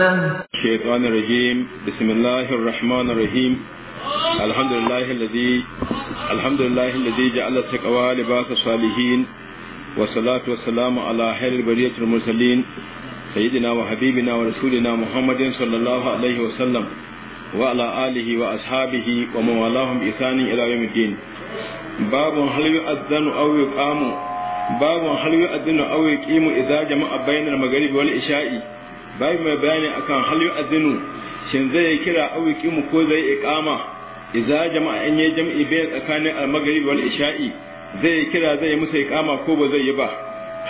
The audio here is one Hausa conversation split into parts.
kenan shaitan rahim bismillahir rahmanir rahim alhamdulillahi alladhi babu halu azdanu aw yuqamu jama'a bainal magaribi wani isha'i bai mai bayani akan hal yu'adhinu shin zai yi kira aw yuqimu ko zai iqama idza jama'a an yi jam'i bai tsakanin al-maghrib wal isha'i zai kira zai musa iqama ko ba zai yi ba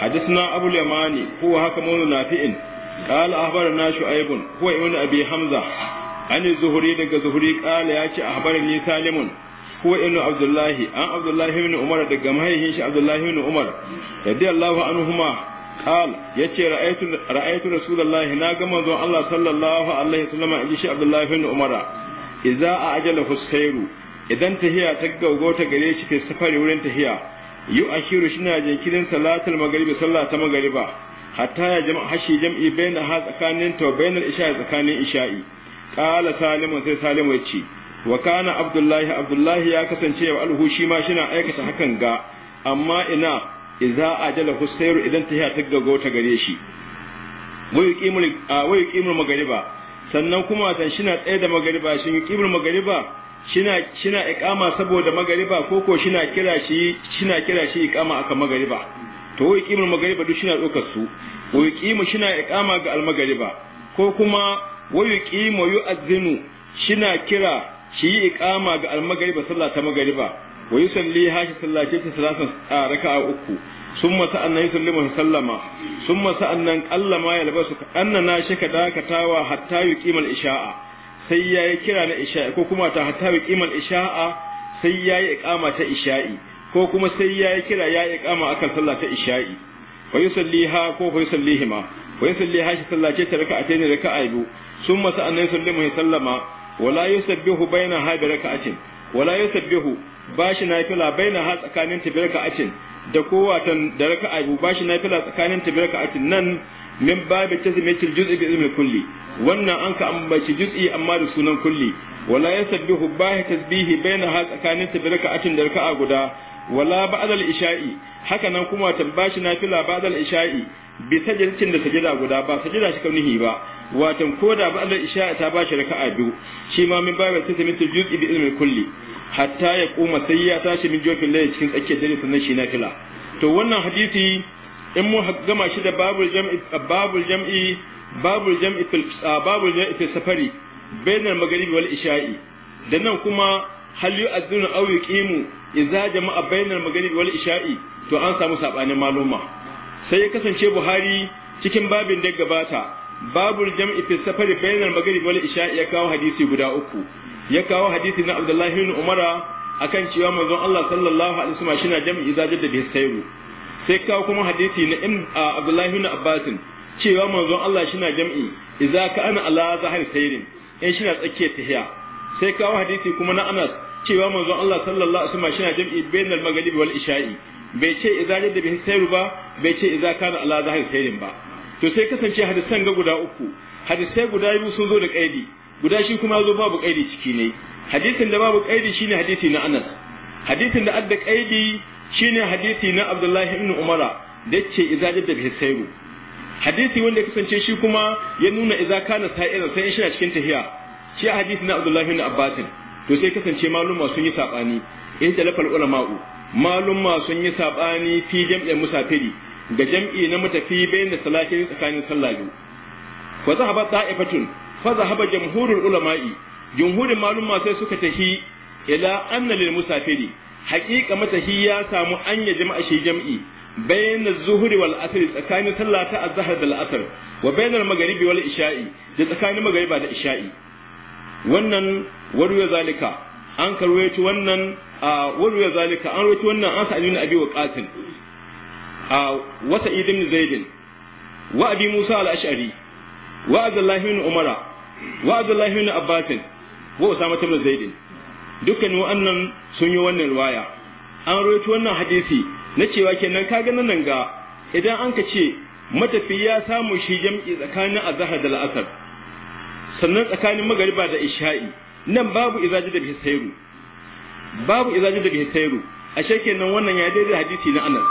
hadithna abu yamani huwa haka mawlu nafi'in qala ahbarana shu'aybun huwa ibn abi hamza an zuhuri daga zuhuri qala ya ce ahbarani salimun huwa ibn abdullahi an abdullahi ibn umar daga shi abdullahi ibn umar radiyallahu قال يتي رأيت رأيت رسول الله ناقا منظر الله صلى الله عليه وسلم عند إجيش عبد الله بن عمر إذا أعجله السير إذا انتهي تقو قوت قريش في السفر ولن انتهي يؤشر شنا جنكين صلاة المغرب صلاة المغرب حتى يجمع حشي جمع بين هذا كان وبين الإشاء كان إشائي قال سالم سي سالم يتي وكان عبد الله عبد الله يا كسنتي وألهو شي ما شنا أيكت حكا amma ina idza ajala husayru idan tahiya ta gaggauta gare shi wa yuqimul magariba sannan kuma tan shina tsaye da magariba shin yuqimul magariba shina shina iqama saboda magariba ko ko shina kira shi shina kira shi iqama akan magariba to wai yuqimul magariba duk shina dokar su wa yuqimu shina iqama ga almagariba ko kuma wa yuqimu yu'adhinu shina kira shi iqama ga almagariba sallah ta magariba wa yusalli haki sallace ta salatan raka'a uku summa sa'annan yusallimu sallama ya labasu annana shaka dakatawa hatta isha'i ko kuma ta hatta yuqimal isha'a sai yayi iqama ta isha'i ko kuma sai yayi kira yayi iqama akan sallah ta isha'i wa yusalliha ko fa yusallihima wa yusalliha shi sallace ta biyu summa wala yusabbihu baina habi raka'atin wala yusabbihu bashi nafila baina ha tsakanin tabirka atin da kowatan da raka'a bu bashi nafila tsakanin tabirka atin nan min babu tazmitil juz'i bi ilmi kulli wannan an ka ambaci juz'i amma da sunan kulli wala yusabbihu shi tasbihi baina ha tsakanin tabirka atin da raka'a guda wala ba'dal isha'i haka nan kuma tambashi nafila ba'dal isha'i bi sajdatin da sajda guda ba sajda shi kaunihi ba watan koda ba'dal isha'i ta bashi raka'a biyu shi ma min babu sai min juz'i bi ilmi kulli hatta ya kuma sai ya tashi min jofin laye cikin tsakiyar dare sannan shi nafila to wannan hadisi in mu gama shi da babul jam'i babul jam'i babul jam'i fil babul jam'i fil safari bainal maghribi wal isha'i dan nan kuma hal yu'adhdhuna aw yuqimu idza jama'a bainal maghrib wal isha'i to an samu sabanin maluma sai ya kasance buhari cikin babin da gabata babul jam'i fi safari bainal maghrib wal isha'i ya kawo hadisi guda uku ya kawo hadisi na abdullahi bin umara akan cewa manzon Allah sallallahu alaihi wasallam shina jam'i idza jadda bi sayru sai kawo kuma hadisi na ibn abdullahi bin abbas cewa manzon Allah shi na jam'i idza ka ana ala zahir sayrin in shi na tsakiyar tahiya sai kawo hadisi kuma na Anas cewa manzon Allah sallallahu alaihi wasallam shina jam'i bainal maghribi wal isha'i bai ce idza yadda bihi sayru ba bai ce idza kana ala zahir sayrin ba to sai kasance hadisan ga guda uku hadisai guda biyu sun zo da kaidi guda shi kuma zo babu kaidi ciki ne hadisin da babu kaidi shine hadisi na Anas hadisin da adda kaidi shine hadisi na Abdullahi ibn Umara da ce idza yadda bihi sayru hadisi wanda kasance shi kuma ya nuna idza kana sa'iran sai in shi cikin tahiya shi hadisi na Abdullahi ibn Abbasin to sai kasance maluma sun yi sabani in talafal ulama'u maluma sun yi sabani fi jam'in musafiri ga jam'i na mutafi bayan da salahin tsakanin sallah biyu fa zahaba ta'ifatun fa zahaba jamhurul ulama'i jumhurin maluma sai suka tahi ila anna lil musafiri haqiqa matahi ya samu an ya jama'a shi jam'i bayan zuhuri wal asr tsakanin sallah ta azhar da la'asar. wa bayan al isha'i da tsakanin maghriba da isha'i wannan warwe zalika an karwaci wannan a warwe zalika an rawaci wannan an sa'alin abi wa qatin a sa'id ibn Zaidin wa abi musa al-ash'ari wa abdullah ibn umara wa abdullah ibn abbas wa usama ibn zaidin dukkan wa'annan sun yi wannan riwaya an rawaci wannan hadisi na cewa kenan kaga nan ga idan an ka ce matafiya samu shi jam'i tsakanin azhar da la'asar. sannan tsakanin magariba da isha'i nan babu izaji da bihisairu babu izaji da a shekin nan wannan ya daidai hadisi na Anas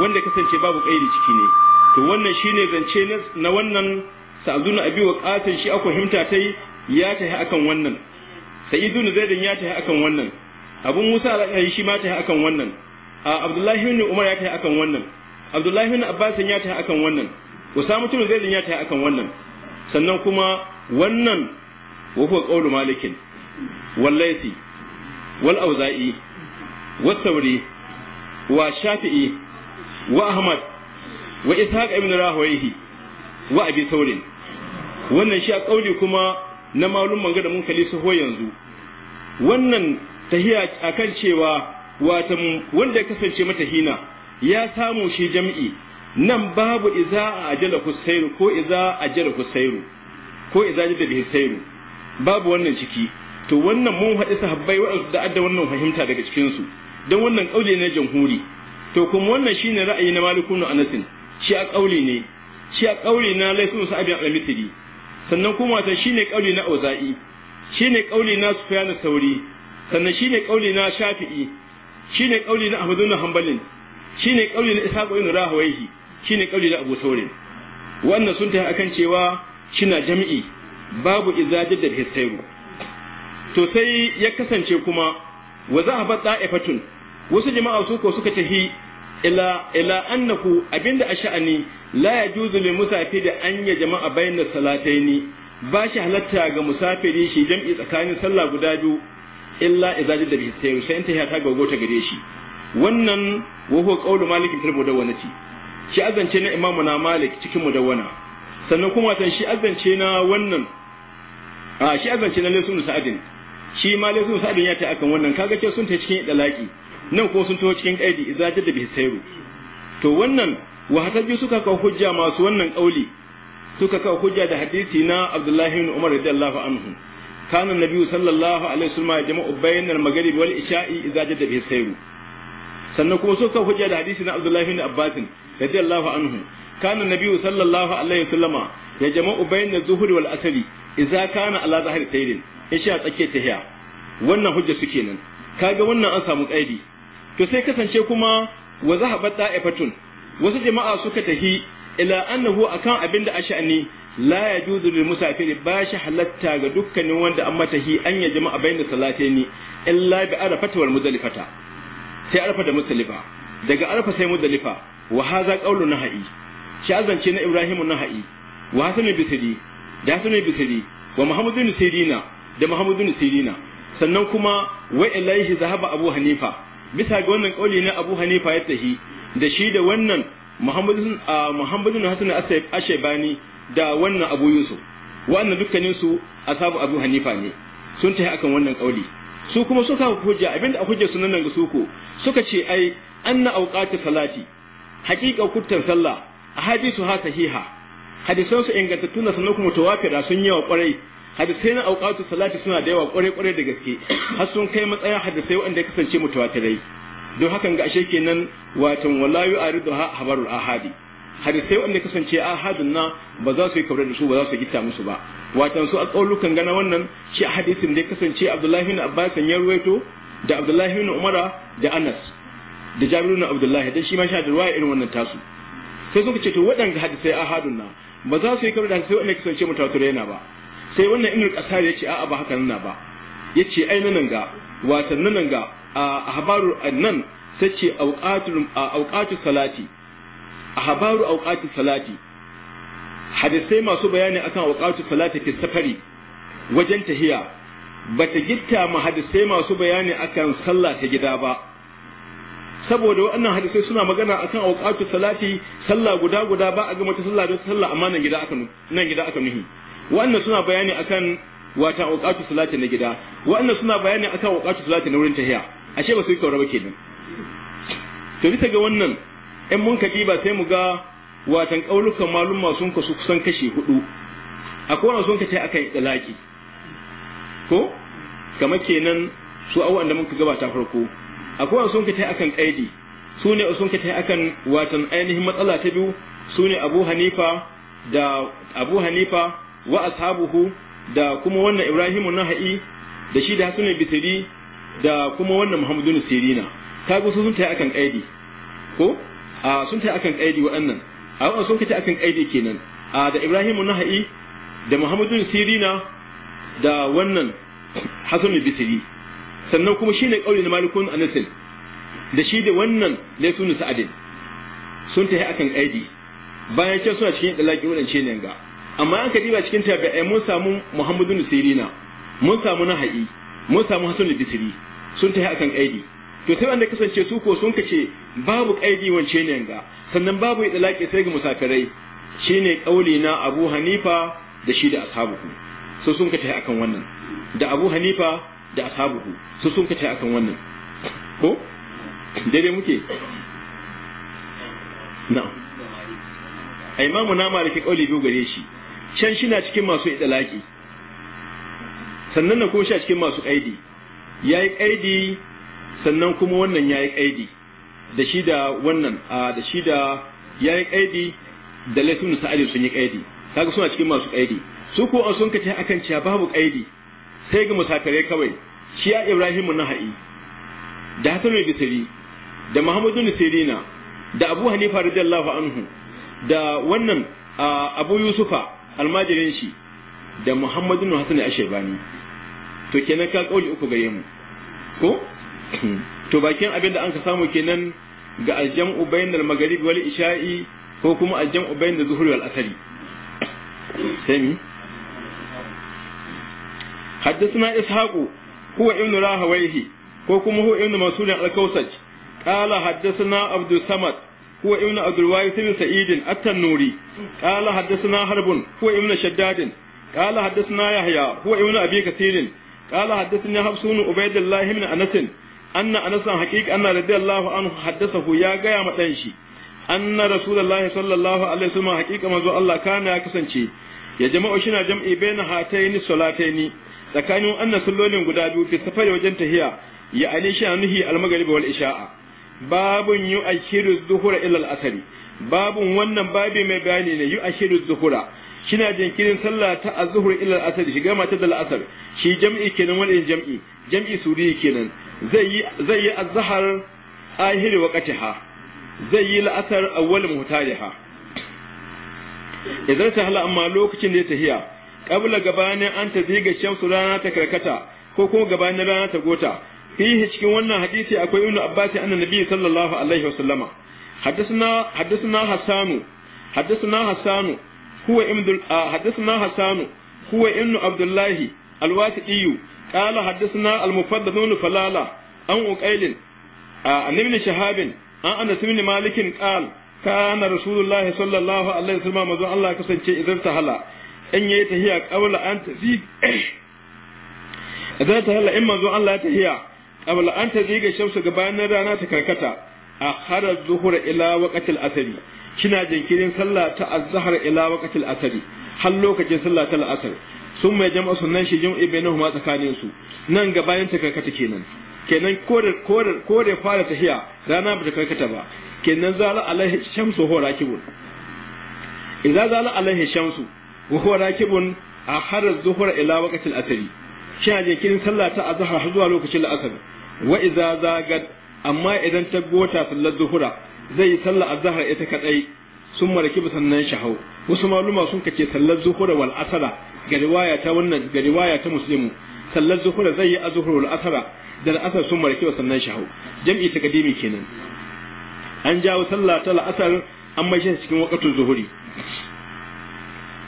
wanda kasance babu kairi ciki ne to wannan shine zance na wannan sa'aduna abi wa qatin shi akwai himta tai ya tafi akan wannan sayyidun zaidan ya tafi akan wannan abu musa al-ashari shi ma tafi akan wannan abdullahi ibn umar ya tafi akan wannan abdullahi ibn abbas ya tafi akan wannan usama ibn zaidan ya tafi akan wannan sannan kuma wannan wa huwa malikin wal wal auza'i wa sauri, wa shafi'i wa ahmad wa ishaq ibn rahwayhi wa abi saurin. wannan shi a kauli kuma na malum manga da mun kalli su yanzu wannan tahiya kan cewa watan wanda ya kasance mata hina ya samu shi jam'i nan babu iza a ajala kusairu ko iza a ajala kusairu ko idza jadda bihi sayru babu wannan ciki to wannan mun haɗi sahabbai waɗansu da adda wannan fahimta daga cikin su dan wannan kauli ne jamhuri to kuma wannan shine ra'ayi na malikun anasin shi a kauli ne shi a kauli na laysu sa'abi al-misri sannan kuma ta shine kauli na auza'i shine kauli na sufyan sauri sannan shine kauli na shafi'i shine kauli na ahmad ibn Hanbal shine kauli na ishaq ibn Rahowayhi shine kauli na abu Thawri wannan sun ta akan cewa kina jam'i babu izajid da histairu to sai ya kasance kuma wa za a ta'ifatun wasu jama'a su ko suka tahi ila ila annahu abinda ash'ani la yajuzu lil musafiri an ya jama'a bayna salataini ba shi halatta ga musafiri shi jam'i tsakanin sallah guda biyu illa izajid da histairu sai ta ta gago ta gare shi wannan wa huwa qawlu malik fil ci shi azance na imamu na malik cikin mudawwana sannan kuma watan shi azance na wannan a shi azance na lesu sa'adin shi ma lesu sa'adin ya ta akan wannan kaga ke sun ta cikin dalaki nan ko sun taho cikin kaidi idza jadda bi sayru to wannan wa hataji suka kawo hujja masu wannan kauli suka kawo hujja da hadisi na Abdullahi ibn Umar radiyallahu anhu kana nabi sallallahu alaihi wasallam ya jama'u bainal maghrib wal isha'i idza jadda bi sayru sannan kuma suka kawo hujja da hadisi na Abdullahi ibn Abbas radiyallahu anhu كان النبي صلى الله عليه وسلم يجمع بين الظهر والأسر إذا كان على ظهر التيرين إيش أتأكيد تهيا wannan hujja suke nan kaga wannan an samu kaidi to sai kasance kuma wa zahabat ta'ifatun wasu jama'a suka tahi ila annahu akan abinda asha'ani la yajuzu lil musafir ba shi halatta ga dukkanin wanda an matahi an ya jama'a bayna salataini illa bi arafata wal muzdalifata sai arfa da muzdalifa daga arfa sai muzdalifa wa hadha qawlu nahai shi azance na Ibrahim Nahai wa Hassan Hasan Sidi, da Hassan Hasan Sidi, wa Muhammad bin Sidina, da Muhammad bin Sidina. sannan kuma wa ilaihi zahaba Abu Hanifa bisa ga wannan kauli na Abu Hanifa ya tahi da shi da wannan Muhammad Muhammad bin Hasan Ashebani da wannan Abu Yusuf wannan dukkanin su asabu Abu Hanifa ne sun tahi akan wannan kauli su kuma suka hujja abinda a hujja sunan nan ga suko suka ce ai anna auqatu salati haqiqa kuttan sallah A hadisu ha sahiha hadisan su ingantattu na sanan kuma tawafira sun yawa kwarai hadisai na auqatu salati suna da yawa kwarai kwarai da gaske har sun kai matsayin hadisai wanda ya kasance mutawatirai don hakan ga ashe kenan watan wallahi aridu ha habarul ahadi hadisai wanda kasance ahadun na ba za su yi kabar da su ba za su gita musu ba watan su a tsaurukan gana wannan shi hadisin da ya kasance abdullahi bin abbas ya ruwaito da abdullahi bin umara da anas da jabiru bin abdullahi dan shi ma sha da ruwaya irin wannan tasu sai suka ce to waɗanda hadisai ahadun na ba za su yi kamar da hadisai waɗanda kasance mutawatirai yana ba sai wannan ibn ƙasa ya ce a'a ba haka nan ba ce ai nan ga watan nan ga a nan sai ce auƙatu salati a habaru auƙatu salati hadisai masu bayani akan auƙatu salati ke safari wajen tahiya ta gitta ma hadisai masu bayani akan sallah ta gida ba saboda waɗannan hadisai suna magana akan awqatu salati sallah guda guda ba a ga ta sallah da sallah amma nan gida aka nan gida aka nuhi waɗannan suna bayani akan wata awqatu salati na gida waɗannan suna bayani akan awqatu salati na wurin tahiya ashe ba su yi kaura ba kenan to bisa ga wannan in mun kaji ba sai mu ga watan ƙaulukan malumma sun kasu kusan kashe hudu a kowane sun kace akan itilaki ko kamar kenan su abubuwan da muka gabata farko akwai sun tai akan kaidi su ne sun tai akan watan ainihin matsala ta biyu su ne Abu Hanifa da Abu Hanifa wa ashabuhu da kuma wannan Ibrahim Nahai da shi da sunan bitiri da kuma wannan Muhammadu Sirina kaga su sun tai akan kaidi ko a sun tai akan kaidi waɗannan a wannan sun tai akan kaidi kenan a da Ibrahim Nahai da Muhammadu Sirina da wannan Hasan bitiri sannan kuma shine na malikun anasil da shi da wannan laifin sa'adin sun tafi akan kaidi bayan can suna cikin dalaki wadance ne ga amma an kadiba cikin tabi'ai mun samu muhammadu nusirina mun samu naha'i mun samu hasan al-bisri sun tafi akan kaidi to sai wanda kasance su ko sun kace babu kaidi wance ne ga sannan babu idlaki sai ga musafirai shine kauli na abu hanifa da shi da ashabu so sun kace akan wannan da abu hanifa da ashabuhu su sun kace akan wannan ko daidai muke na na'am imamu na maliki kauli biyu gare shi can shi na cikin masu idalaki sannan na koshi a cikin masu kaidi ya yi kaidi sannan kuma wannan ya yi kaidi da shi da wannan a da shi da ya yi kaidi da laifin sa'adi sun yi kaidi kaga suna cikin masu kaidi su ko an sun kace akan cewa babu kaidi sai ga musakare kawai shi ya ibrahimu naha'i da hasan bisiri da muhammadu nisirina da abu hanifa radiyallahu anhu da wannan abu yusufa almajirin shi da muhammadu hasan ashebani to kenan ka kauli uku gare mu ko to bakin abin da an ka samu kenan ga aljam'u da magarib wal isha'i ko kuma aljam'u da zuhri wal asari حدثنا إسحاق هو ابن راهويه وكما هو ابن مسعود الكوسج قال حدثنا عبد الصمد هو ابن عبد الوارث بن سعيد التنوري قال حدثنا حرب هو ابن شداد قال حدثنا يحيى هو ابن أبي كثير قال حدثني حفص بن عبيد الله بن أنس أن أنس حقيق أن رضي الله عنه حدثه يا غيا مدنشي أن رسول الله صلى الله عليه وسلم حقيقة ما الله كان يكسنشي ya jama'u shina jam'i baina hataini salataini tsakanin wannan sallolin guda biyu fi safari wajen tahiya ya ani shi nuhi al sha'a wal isha'a babun yu ashiru zuhura ila al-asri babun wannan babi mai bayani ne yu ashiru zuhura shina jinkirin sallah ta azhur ila al-asr shiga mata da al-asr shi jam'i kenan wani jam'i jam'i suri kenan zai yi zai yi azhar ahiri waqtiha zai yi al-asr awwal muhtariha idan ta hala amma lokacin da ya tahiya qabla gabanin an ta ziga shamsu rana ta karkata ko kuma gabanin rana ta gota fihi cikin wannan hadisi akwai ibnu abbas anna nabi sallallahu alaihi wasallama hadathana hadathana hasanu hadathana hasanu huwa ibnu hadathana hasanu huwa ibnu abdullah alwasiqi قال حدثنا المفضل بن فلالة عن أقيل عن ابن شهاب عن أنس بن مالك قال كان رسول الله صلى الله عليه وسلم in yayi tahiya qabla an tazi eh, za ta halla in manzo Allah ya tahiya qabla an tazi ga shamsu gabanin rana ta karkata a khara zuhur ila waqtil asari. kina jinkirin sallah ta azhar ila waqtil asari. har lokacin sallah ta al'asr sun mai jama'a sunan shi jam'i bainahuma tsakanin su nan ga bayan ta karkata kenan kenan kore kore kore fara tahiya rana ba ta karkata ba kenan zala alaihi shamsu hora kibul idza zala alaihi shamsu wa huwa rakibun a har zuhur ila waqtil asri kina jikirin sallah ta azhar har zuwa lokacin la'asar wa idza zagat amma idan ta gota sallar zuhura zai yi sallar azhar ita kadai sun maraki sannan shahau wasu maluma sun kace sallar zuhura wal asara ga riwaya ta wannan sallar zuhura zai yi azhur wal asara da asar sun sannan shahau kenan an jawo sallah ta la'asar an mai cikin waqtul zuhuri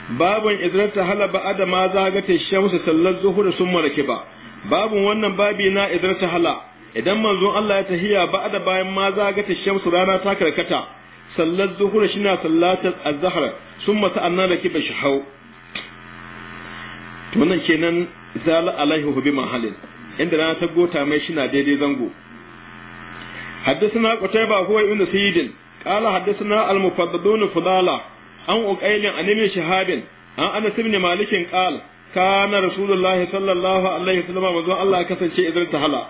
babun idan ta hala, halaba ga zagata shamsu sallar zuhur sun maraki ba babun wannan babi na idan ta hala idan manzon Allah ya tahiya ba da bayan ma zagata shamsu rana ta karkata sallar zuhur na sallatar azhar sun mata anna laki ba shahau to nan kenan zala alaihi hubi mahalin inda rana ta gota mai shi na daidai zango حدثنا قتيبة هو ابن سيد قال حدثنا المفضلون فضالة an uqailin an shahabin an anas ibn malikin qal kana rasulullahi sallallahu alaihi wasallam manzo Allah ya kasance idan hala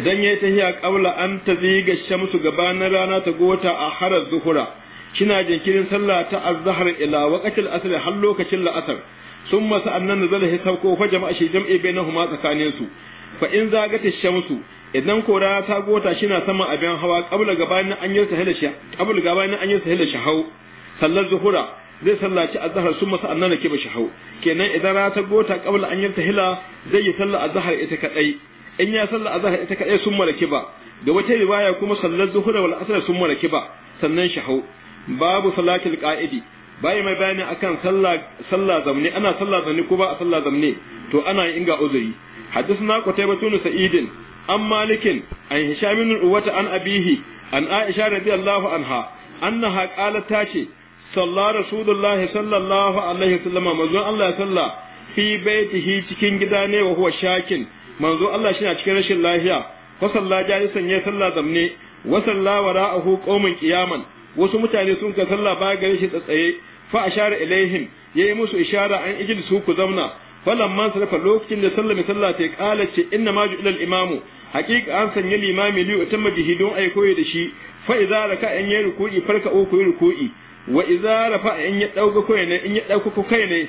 idan yayi tahiya qabla an taziga shamsu gabanin rana ta gota a harar zuhura kina jinkirin sallah ta azhar ila waqtil asr har lokacin la'asar summa sa'annan nazala sauko fa jama'a shi jam'i bainahuma tsakanin su fa in zagata shamsu idan ko rana ta gota shina sama abin hawa qabla gabanin an yi qabla gabanin an yi sahila shahau sallar zuhura zai sallaci azhar sun masa annana ke kenan idan ra ta gota kabla an yanta hila zai yi sallar azhar ita kadai in ya sallar azhar ita kadai sun mara kiba da wata riwaya kuma sallar zuhura wal asr sun mara sannan shi babu salatul qa'idi bai mai bayani akan sallah sallah zamne ana sallah zamne ko ba a sallah zamne to ana inga uzuri hadisna قتيبة بن سعيد عن مالك an هشام بن عروة عن أبيه عن عائشة رضي الله عنها أنها قالت تاشي salla rasulullahi sallallahu alaihi wasallam manzon Allah ya fi baitihi cikin gida ne wa huwa shakin manzo Allah shi na cikin rashin lafiya wa salla jalisan ya sallar zamne wa salla wara'ahu qaumun qiyaman wasu mutane sun ka salla ba gare shi tsatsaye fa ashara ilaihim yayi musu ishara an ijil su ku zamna falamma sarfa lokacin da sallami sallah ta kala ce inna ma ju'ila al-imamu haqiqa an sanya limami li utamma bihi don ai koyi da shi fa idza raka an yayi ruku'i farka o yi ruku'i wa idza rafa in ya dauka kai ne in ya dauka ku kai ne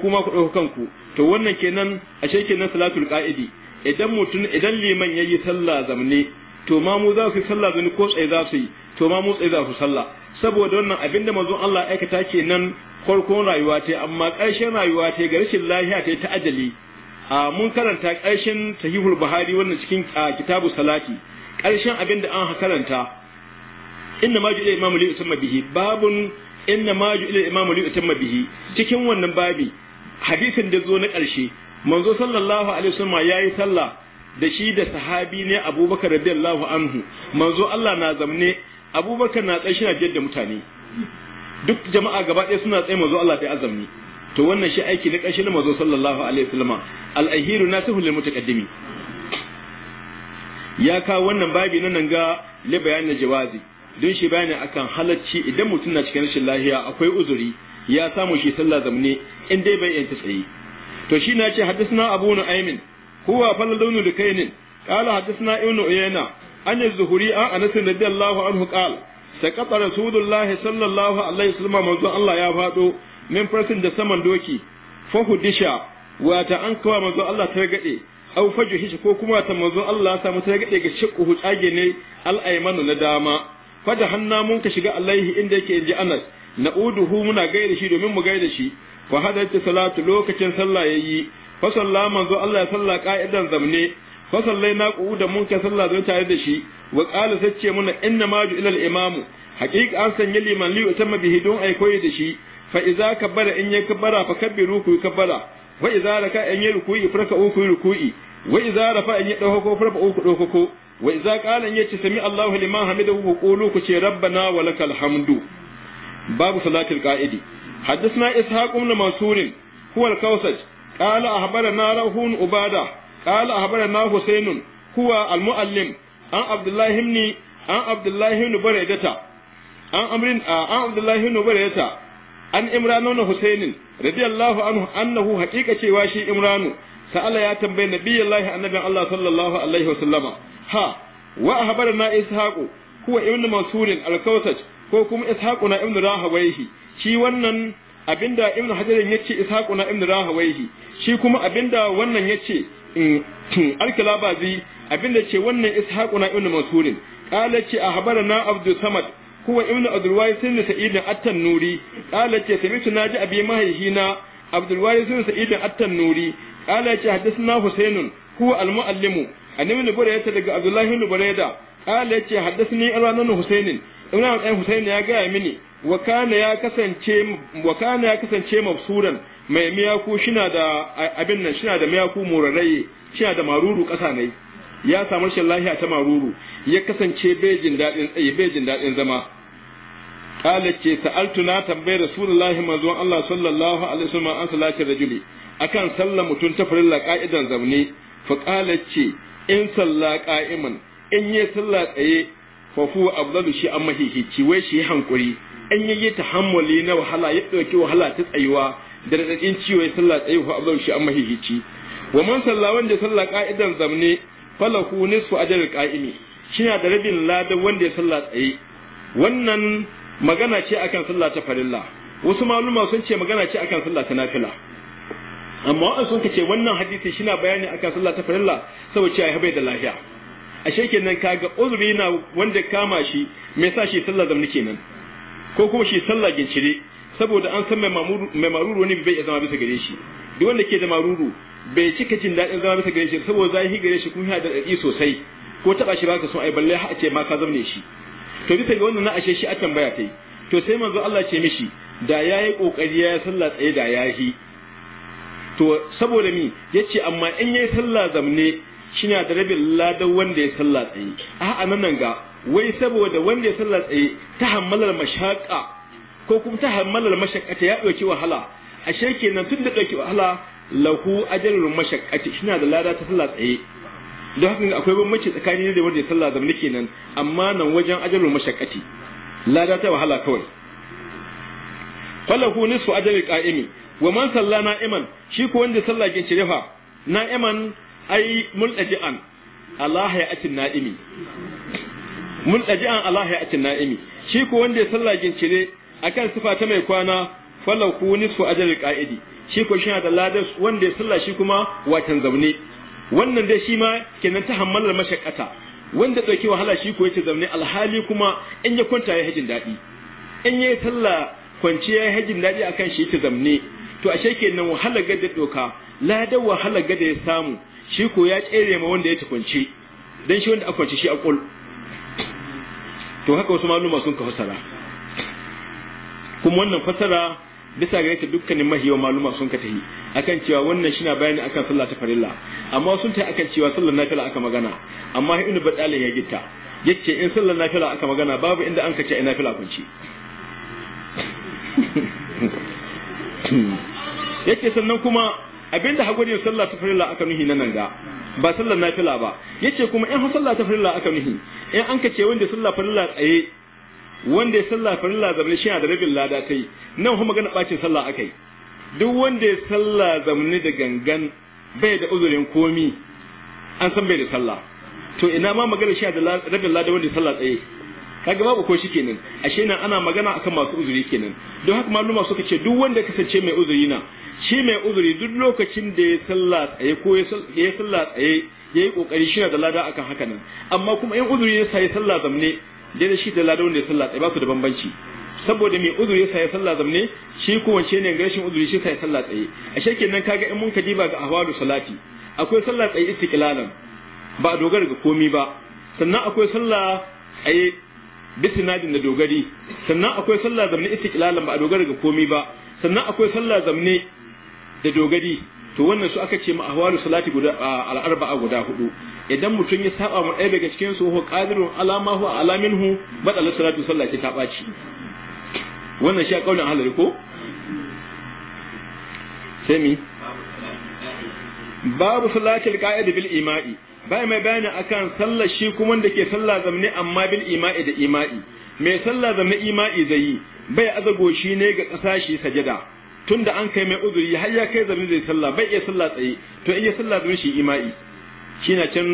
kuma ku dauka kanku to wannan kenan ashe kenan salatul qa'idi idan mutun idan liman yayi sallah zamne to ma mu za su sallah zamne ko tsaye za su yi to ma mu tsaye za su sallah saboda wannan abinda manzon Allah aikata kenan farkon rayuwa ta amma ƙarshen rayuwa ta ga rashin lafiya ta ta ajali a mun karanta karshen sahihul buhari wannan cikin kitabu salati ƙarshen abinda an karanta inna maju ila imamu li yutamma bihi babun inna maju ila imamu li yutamma bihi cikin wannan babi hadisin da zo na ƙarshe manzo sallallahu alaihi wasallam yayi sallah da shi da sahabi ne abubakar radiyallahu anhu manzo Allah na zamne abubakar na tsaye shi da mutane duk jama'a gaba ɗaya suna tsaye manzo Allah ɗaya azamni to wannan shi aiki na ƙarshe na manzo sallallahu alaihi wasallam al-ahiru nasihu lil mutaqaddimi ya kawo wannan babi na nan ga li bayanin jawazi don shi bayani akan halacci idan mutum na cikin rashin lahiya akwai uzuri ya samu shi sallah zamne in dai bai yanta tsaye to shi na ce hadisna abu nu'aymin huwa falalun lukainin qala hadisna ibnu uyayna an az-zuhri an anas radiyallahu anhu qala saqata rasulullahi sallallahu alaihi wasallam manzo Allah ya faɗo min farsin da saman doki fahudisha wata an kawa manzo Allah ta gade au fajuhi ko kuma ta manzo Allah ya samu ta gade ga shaqu tsage ne al na dama fada hanna mun ka shiga alaihi inda yake inji anas uduhu muna gaida shi domin mu gaida shi fa ta salatu lokacin sallah yayi fa sallama manzo Allah ya salla qa'idan zamne fa sallaina qu'uda mun ka salla zai tare da shi wa qala sace muna inna ma ju ilal imamu haqiqa an sanya liman li utamma bihi don ai koyi da shi fa idza kabbara in ya kabbara fa kabbiru ku kabbara wa idza raka in ya ruku'i fa raka'u ku ruku'i wa idza rafa in ya dauko fa rafa'u ku dauko wa idza qala yace sami Allahu liman hamidahu qulu ku ce rabbana wa lakal hamdu babu salatul qa'idi حدثنا إسحاق بن منصور هو الكوسج قال أخبرنا روح عبادة قال أخبرنا حسين هو المؤلم عن عبد الله بن عن عبد الله بن بريدة عن أمر عن عبد الله بن بريدة عن إمران بن حسين رضي الله عنه أنه حقيقة شيء إمران سأل يا تنبي نبي الله النبي الله صلى الله عليه وسلم ha wa ahbarana ishaqu huwa ibnu mansurin al-kawsaj ko kuma na ibnu rahawayhi shi wannan abinda ibnu hajar yace na ibnu rahawayhi shi kuma abinda wannan yace al kalabazi abinda ce wannan na ibnu mansurin qala ce ahbarana abdu samad huwa ibnu adrwai waris sa'id at-tanuri qala ce sami'tu naji abi mahihina abdul waris ibn sa'id at-tanuri qala ce hadathna husainun huwa al-muallimu annabi ne bare yace daga abdullahi ibn bareda qala yace haddathni imran husainin imran ibn husain ya gaya mini wa kana ya kasance wa kana ya kasance mabsuran mai miyaku shina da abin nan shina da miyaku murarai shina da maruru kasa ne ya samu rashin lahiya ta maruru ya kasance bai jin dadin tsaye eh, bai jin dadin zama kala ce sa'altu na tambayi rasulullahi manzon Allah sallallahu alaihi wasallam an salati rajuli akan sallar mutum ta farilla ka'idan zamne fa kala ce in salla qa'iman in yi salla tsaye fa fu afdalu shi amma hihici wai shi hankuri in ta tahammuli na wahala ya dauki wahala ta tsayuwa da radadin ciwo ya salla tsaye fa afdalu shi amma hihici wa man salla wanda salla qa'idan zamne falahu nisfu ƙa'imi qa'imi na da rabin ladan wanda ya salla tsaye wannan magana ce akan salla ta farilla wasu maluma sun ce magana ce akan salla ta nafila amma wa'an sun ce wannan hadisi shina bayani akan sallah ta farilla saboda cewa bai da lafiya ashe kenan kaga uzuri na wanda kama shi me yasa shi sallah zamni kenan ko kuma shi sallah gincire saboda an san mai maruru wani bai zama bisa gare shi duk wanda ke da maruru bai cika jin daɗin zama bisa gare shi saboda zai gare shi kuma yana da daɗi sosai ko taɓa shi baka son ai balle ha a ce ma ka zamne shi to bisa ga wannan na ashe shi a tambaya ta to sai manzo Allah ce mishi da yayi kokari ya sallah tsaye da yahi to saboda mi yace amma in yayi sallah zamne shine da rabin ladan wanda ya sallah tsaye a nan ga wai saboda wanda ya sallah tsaye ta hammalar mashaka ko kuma ta hammalar mashakata ya dauki wahala A ashe nan tun da dauki wahala lahu ajalul mashakati shine da lada ta sallah tsaye don haka akwai bambanci tsakanin da wanda ya sallah zamne kenan amma nan wajen ajalul mashakati lada ta wahala kawai falahu nisfu ajrul qa'imi wa man salla na'iman shi ko wanda sallah ke shirifa na'iman ai mulɗaji'an Allah ya atin na'imi mulɗaji'an Allah ya atin na'imi shi ko wanda sallah ke shire akan sifa ta mai kwana ku nisfu ajali qa'idi shi ko shi da wanda ya sallah shi kuma watan zaune wannan dai shi ma kenan ta hammalar mashakkata wanda dauki wahala shi ko yace zaune alhali kuma in ya kwanta ya hajin daɗi in ya sallah kwanciya ya hajin daɗi akan shi ta zamne to ashe kenan wahala gadda doka ladan wahala gadda ya samu shi ko ya tsere ma wanda ya tukunci dan shi wanda aka shi a kul to haka wasu maluma sun ka fasara kuma wannan fasara bisa ga yake dukkanin mahiyawa maluma sun ka tahi akan cewa wannan shi na bayani akan sallah ta farilla amma sun ta akan cewa sallar nafila aka magana amma ibn badal ya gitta yace in sallar nafila aka magana babu inda an ka ina nafila kunci yace sannan kuma da hagwari sallah ta farilla aka nuhi na nan ga ba sallar fila ba yace kuma in sallah ta farilla aka nuhi in an kace wanda sallah farilla tsaye wanda ya sallah farilla zamani shi da rabin lada kai nan kuma magana bacin sallah akai duk wanda ya sallah zamani da gangan bai da uzurin komi an san bai da sallah to ina ma magana shi da rabin lada wanda ya sallah tsaye kaga babu ko shikenan ashe nan ana magana akan masu uzuri kenan don haka maluma suka ce duk wanda kasance mai uzuri na shi mai uzuri duk lokacin da ya salla tsaye ko ya salla tsaye ya yi kokari shi da lada akan haka nan amma kuma in uzuri ya sai salla zamne da shi da lada wanda ya salla tsaye ba su da bambanci saboda mai uzuri ya sai salla zamne shi ko wance ne ga rashin uzuri shi sai salla tsaye ashe kenan kaga in mun kadiba ga ahwalu salati akwai salla tsaye istiqlalan ba dogara ga komi ba sannan akwai salla tsaye bisinadin da dogari sannan akwai sallah zamne istiqlalan ba a dogara ga komai ba sannan akwai sallah zamne da dogari to wannan su aka ce ma ahwalu salati guda al-arba'a guda hudu idan mutum ya saba mu ɗaya daga cikin su ko qadirun alama huwa alaminhu batala salatu sallati ta baci wannan shi a kaulin halari ko sai mi babu salatul qa'id bil ima'i bai mai bayani akan sallar shi kuma wanda ke sallah zamne amma bil ima'i da ima'i mai sallah zamne ima'i zai yi bai azago shi ne ga ƙasa shi sajada tunda an kai mai uzuri har ya kai zamne zai sallah bai iya sallah tsaye to iya sallah zamne shi ima'i shi na can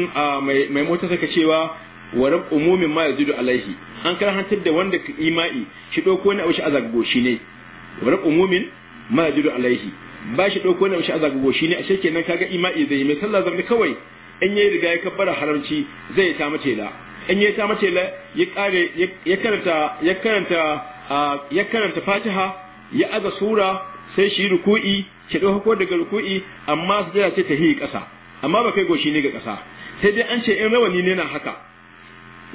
mai mai mota saka cewa waran umumin ma yazidu alaihi an hantar da wanda ima'i shi doko ne a wuce azago shi ne waran umumin ma yazidu alaihi ba shi doko ne a wuce azago shi ne a shekenan kaga ima'i zai mai sallah zamne kawai in yayi riga ya kabbara haramci zai ta mace la in yayi ta mace la ya kare ya karanta ya karanta ya karanta Fatiha ya aza sura sai shi ruku'i ki dauko daga ruku'i amma jira ce ta hi kasa amma ba kai goshi ne ga kasa sai dai an ce in rawani ne na haka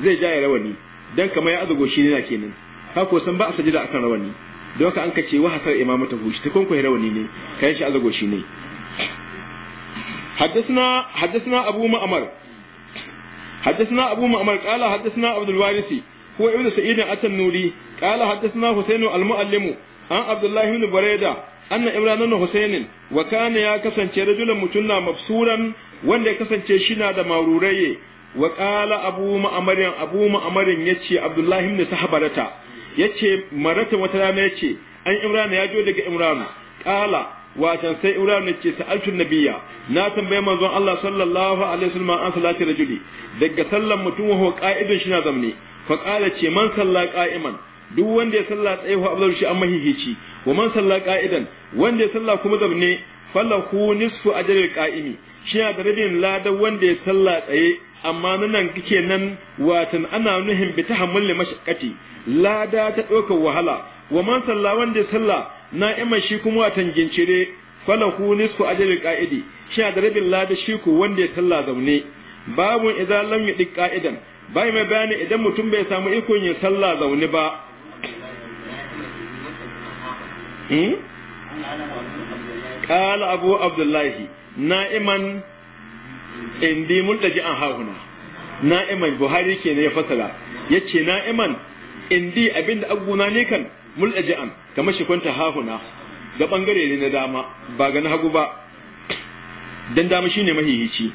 zai ya rawani dan kamar ya aza goshi ne na kenan ka ko san ba a sajida akan rawani don haka an kace wa hasar ta goshi ta kunku rawani ne kai shi aza goshi ne حدثنا حدثنا أبو مأمر حدثنا أبو مأمر قال حدثنا عبد الوارث هو ابن سعيد التنوري قال حدثنا حسين المؤلم عن عبد الله بن بريدة أن إمران بن حسين وكان يا كسن رجلا متنا مبصورا وأن كسن شنا دماروري وقال أبو مأمر أبو مأمر يتشي عبد الله بن سحبرة yace marata wata rana yace an imrana ya jo daga imrana qala watan sai Ibrahim ne ce sa'altu nabiyya na tambaye manzon Allah sallallahu alaihi wasallam an salati rajuli daga sallan mutum wa qa'idun shi na zamne fa qala ce man salla qa'iman duk wanda ya salla tsaye fa abdul shi amma hihici wa man salla qa'idan wanda ya salla kuma zamne falahu nisfu ajril qa'imi shi na da rabin ladan wanda ya salla tsaye amma nan kike nan watan ana nuhin bi tahammul mashaqqati lada ta ɗaukar wahala wa man salla wanda ya salla na'ima shi kuma watan gincire falahu nisku ajalil qa'idi shi da rabin lada shi ku wanda ya talla zaune babu idan lam dik qa'idan bai mai bayani idan mutum bai samu ikon yin talla zaune ba hmm qala abu abdullahi na'iman indi multaji an hahuna na'iman buhari kenan ya fasala yace na'iman indi abinda aguna ne kan mul'aji'an kamar mashi kwanta hahuna ga bangare ne na dama ba ga na hagu ba dan dama shine mahihici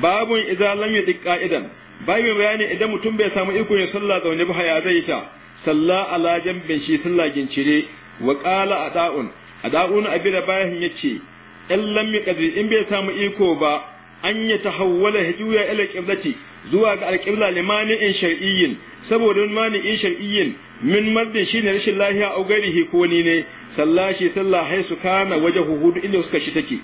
babun idza lam yadi qa'idan bai mai bayani idan mutum bai samu iko ya sallah zaune ba ya zai ta salla ala jambin shi sallah gincire wa qala ada'un ada'un abida bayan yace in lam yadi in bai samu iko ba an ya tahawwala hijuya ila qiblati zuwa ga alqibla limani in shar'iyyin saboda wani mani in shar'iyyin min mardin shi ne rashin lahiya a ugarihi ko ni ne sallashi sallah hai su kana waje hudu inda suka shi take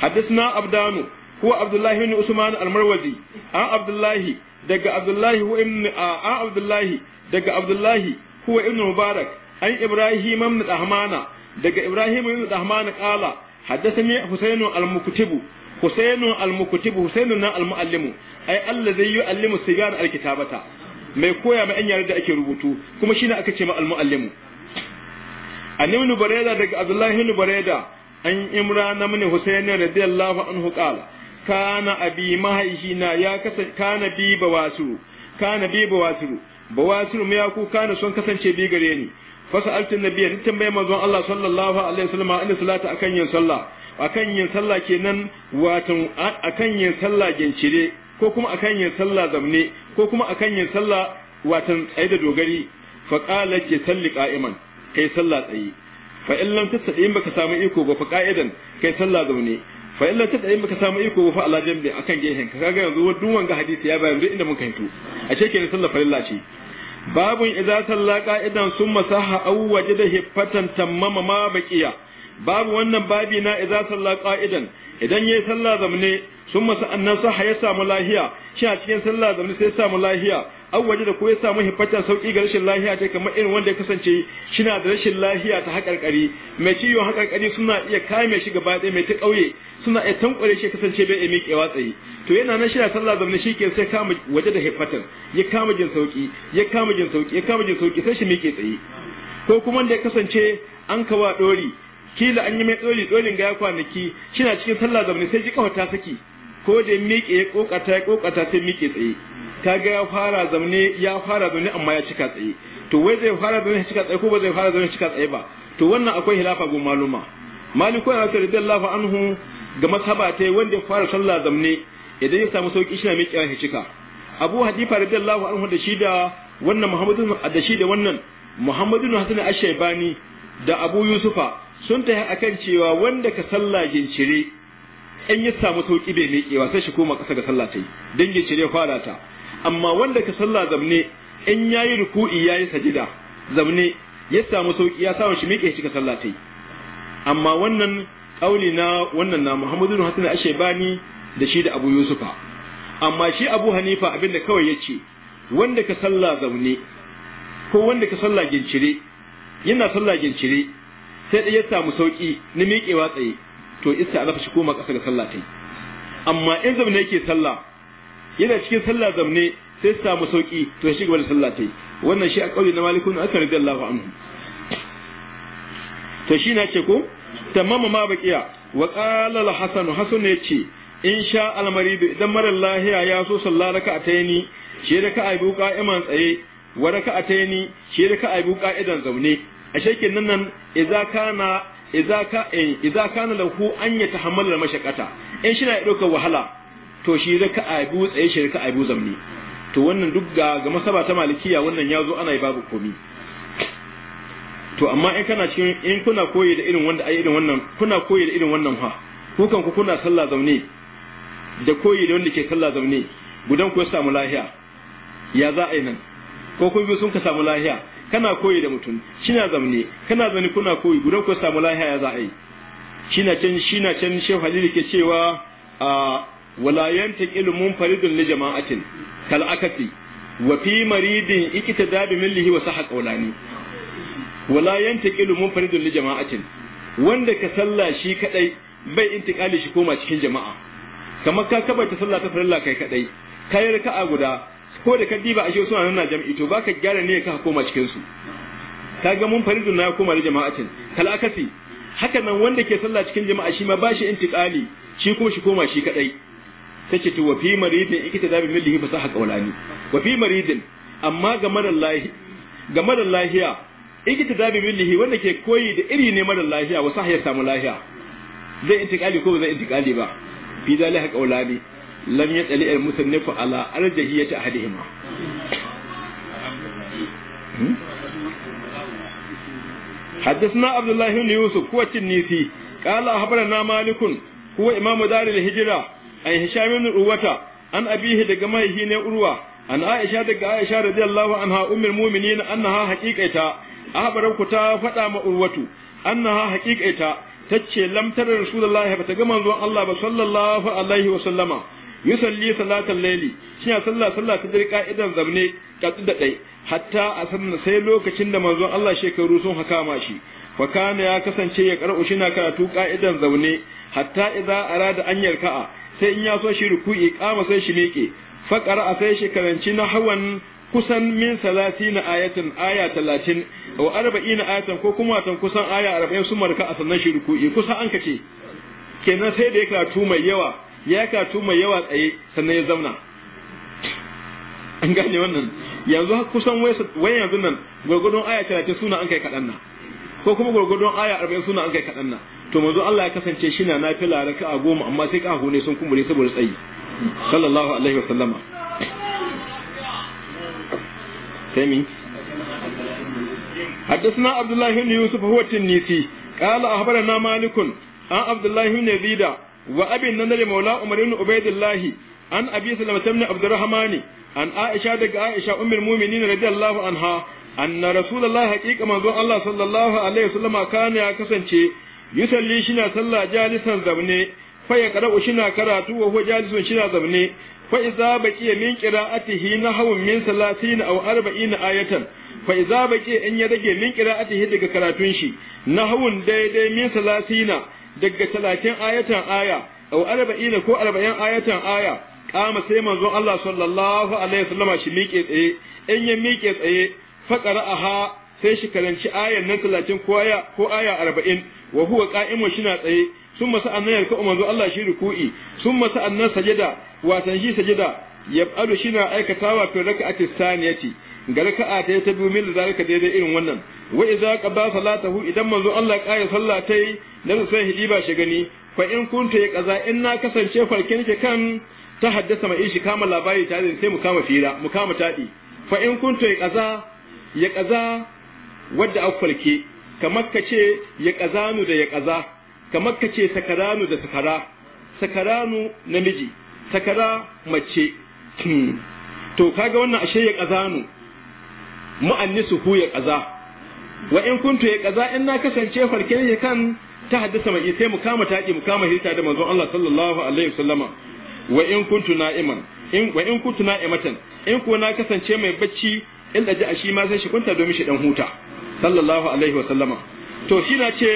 haddasna abdanu ko abdullahi ibn usman almarwazi an abdullahi daga abdullahi huwa ibn a abdullahi daga abdullahi huwa ibn mubarak an ibrahim ibn dahmana daga ibrahim ibn dahmana qala haddathani husaynu almukutibu husaynu almukutibu husaynu na almuallimu ay allazi yuallimu sigar alkitabata mai koya ma yan yare da ake rubutu kuma shine aka ce ma almuallimu annabi bareda daga abdullahi ibn bareda an imra imran ibn husayn radiyallahu anhu qala kana abi mahaihina ya kasa kana bi bawasu kana bi bawasu bawasu mai ku kana son kasance bi gare ni fasa'altu nabiyya ni tambaye manzon Allah sallallahu alaihi wasallam an salata akan yin sallah akan yin sallah kenan wato akan yin sallah gincire ko kuma akan yin sallah zamne ko kuma akan yin sallah watan tsaye da dogari fa qala ke salli qa'iman kai sallah tsaye fa in lam tastati in baka samu iko ba fa qa'idan kai sallah zamne fa in lam tastati in baka samu iko ba fa ala jambi akan gehen ka kaga yanzu duk wanga hadisi ya bayan duk inda kai hito a ce kenan sallah farilla ce babun idza salla qa'idan summa saha aw wajada hifatan tammama ma baqiya babu wannan babi na idza salla qa'idan idan yayi sallah zamne sun masa annan saha ya samu lahiya shi a cikin sallah zamani sai ya samu lahiya an waje da ko ya samu hifata sauki ga rashin lahiya ta kamar irin wanda ya kasance shina da rashin lahiya ta haƙarƙari mai ciwon haƙarƙari suna iya kame shi gaba ɗaya mai ta ƙauye suna iya tankware shi kasance bai iya kewa tsaye to yana nan shina sallah zamani shi ke sai kama waje da hifatan ya kama jin sauki ya kama jin sauki ya kama jin sauki sai shi miƙe tsaye ko kuma da ya kasance an kawa ɗori kila an yi mai ɗori ɗorin ga ya kwanaki shina cikin sallah zamani sai ji kafa ta saki ko da miƙe ya ƙoƙata ya ƙoƙata sai miƙe tsaye ga ya fara zamne ya fara zamne amma ya cika tsaye to wai zai fara zaune ya cika tsaye ko ba zai fara zaune ya cika tsaye ba to wannan akwai hilafa gun maluma maliku ya rasul lafa anhu ga masaba ta wanda ya fara sallah zamne idan ya samu sauki shi na miƙe ya cika abu hadifa radiyallahu anhu da shi da wannan muhammadu da shi da wannan muhammadu hasan ash-shaybani da abu yusufa sun tafi akan cewa wanda ka sallah jincire in ya samu sauki bai miƙewa sai shi koma ƙasa ga sallah ta yi dangin shi ne fara ta amma wanda ka sallah zamne in yayi ruku'i yayi sajida zamne ya samu sauki ya samu shi miƙe shi ka sallah ta yi amma wannan kauli na wannan na Muhammadu bin Hasan bani da shi da Abu Yusufa amma shi Abu Hanifa abinda kawai yace wanda ka sallah zamne ko wanda ka sallah gincire yana sallah gincire sai da ya samu sauki na miƙewa tsaye to iska a ta shi koma ƙasa ga sallah amma in zamne yake sallah yana cikin sallah zamne sai samu sauki to ya shiga wani sallah wannan shi a ƙauye na malikun aka rabi Allahu anhu to shi na ce ko tamama ma baqiya wa qala al-hasan hasan ya ce in sha al-maridu idan marar lahiya ya so sallah raka'ataini shi raka'a bi qa'iman tsaye wa raka'ataini shi raka'a bi qa'idan zaune ashe kenan nan idza kana idza eh, kana lahu an yatahammala mashaqata in shi na ya dauka wahala to shi raka abu tsaye shi a abu zamni to wannan duk ga ga masaba ta malikiya wannan ya zo ana yi babu komi to amma in kana cikin in kuna koyi da irin wanda ai irin wannan kuna koyi da irin wannan fa ku kan ku kuna sallah zaune da koyi da wanda ke sallah zaune gudan ku ya samu lahiya ya za a yi nan ko kun biyu sun ka samu lahiya kana koyi da mutum kina zamne kana zani kuna koyi guda ku samu lahiya ya za a yi shina can shina can shehu halili ke cewa a wala yantaqilu faridun li jama'atin kal akati wa fi maridin iktada bi millihi wa sahha qawlani wala yantaqilu faridun li jama'atin wanda ka salla shi kadai bai intikali shi koma cikin jama'a kamar ka kabaita sallah ta farilla kai kadai kai raka'a guda ko da kaddi ba shi suna nuna jam'i to baka gyara ne ka koma cikin su ga mun faridun na koma da jama'atin kal haka nan wanda ke sallah cikin jama'a shi ma shi intiqali shi kuma shi koma shi kadai tace to wa fi maridin ikita da bi millihi fasaha qawlani wa fi maridin amma ga marar lahi ga marar lahiya ikita da bi millihi wanda ke koyi da iri ne marar lahiya wa sahiya samu lahiya zai intiqali ko zai intiqali ba fi zalika qawlani lam ya tsali al-musannifu ala arjahiyati ahadihima حدثنا عبد الله بن يوسف هو التنيسي قال أخبرنا مالك هو إمام دار الهجرة عن هشام بن عروة عن أبيه دقمه هنا عروة an aisha daga aisha radiyallahu anha ummul mu'minin annaha haqiqaita ahbaranku ta faɗa ma urwatu annaha haqiqaita tace lamtar rasulullahi bata ga manzon Allah ba sallallahu alaihi wa sallama yusalli salatan laili ya sallah sallah ta dare ka'idan zamne katsi da ɗai hatta a sanna sai lokacin da manzon Allah shekaru sun hakama shi fa kana ya kasance ya karɓo shi na karatu ka'idan zaune hatta idza arada an yarka'a sai in ya so shi ruku'i kama sai shi miƙe fa qara'a sai shi karanci hawan kusan min salatina ayatin aya talatin wa arba'ina ayatan ko kuma watan kusan aya arba'in sun marka a sannan shi ruku'i kusan an kace kenan sai da ya karatu mai yawa ya karatu mai yawa tsaye sannan ya zauna an gane wannan yanzu kusan wai yanzu nan gwargwadon aya talatin suna an kai kaɗan na ko kuma gwargwadon aya arba'in suna an kai kaɗan na to manzo Allah ya kasance shi na nafila raka'a goma amma sai ka ne sun kumbure saboda tsayi sallallahu alaihi wa sallama sai mi حدثنا عبد الله بن يوسف هو التنيسي قال أخبرنا مالك عن عبد الله بن يزيد wa abin nadari maula umar ibn ubaidillahi an abi salama ibn abdurrahmani an aisha daga aisha ummul mu'minin radiyallahu anha anna rasulullahi haqiqa manzon Allah sallallahu alaihi wasallam kana ya kasance yusalli shina sallah jalisan zamne fa ya qara'u shina karatu aho huwa jalisun shina zamne fa idza baqiya min qira'atihi nahwun min 30 aw 40 ayatan fa idza baqiya in ya rage min qira'atihi daga karatun shi nahwun daidai min daga talatin ayatan aya au arba'ina ko arba'in ayatan aya kama sai manzo Allah sallallahu alaihi wasallama shi miƙe tsaye in ya miƙe tsaye faƙara ha sai shi karanci ayan nan talatin ko aya ko aya arba'in wa huwa shi na tsaye summa annan yarka manzo Allah shi ruku'i summa annan sajada watan shi sajada yab'alu shi na aikatawa fi raka'ati saniyati ga raka'a ta ta biyu mil zalika daidai irin wannan wa idza qada salatahu idan manzo Allah ya kare sallah ta yi dan sai hidi ba shi gani fa in kunta ya kaza in na kasance farkin ki kan ta haddasa mai shi kama labari tare sai mu kama fira mu kama tadi fa in kunta ya kaza ya kaza wadda farke, kamar ka ce ya kazanu da ya kaza kamar ka ce sakaranu da sakara sakaranu namiji sakara mace hmm. to kaga wannan ashe ya kazanu mu'annisuhu ya kaza wa in kuntu ya kaza in na kasance farke ne kan ta haddasa mai sai mu kama taƙi mu kama hita da manzon Allah sallallahu alaihi wasallama wa in kuntu na'iman in wa in kuntu na'imatan in ko na kasance mai bacci in da ji a shi ma sai shi kunta domin shi dan huta sallallahu alaihi wasallama to shi na ce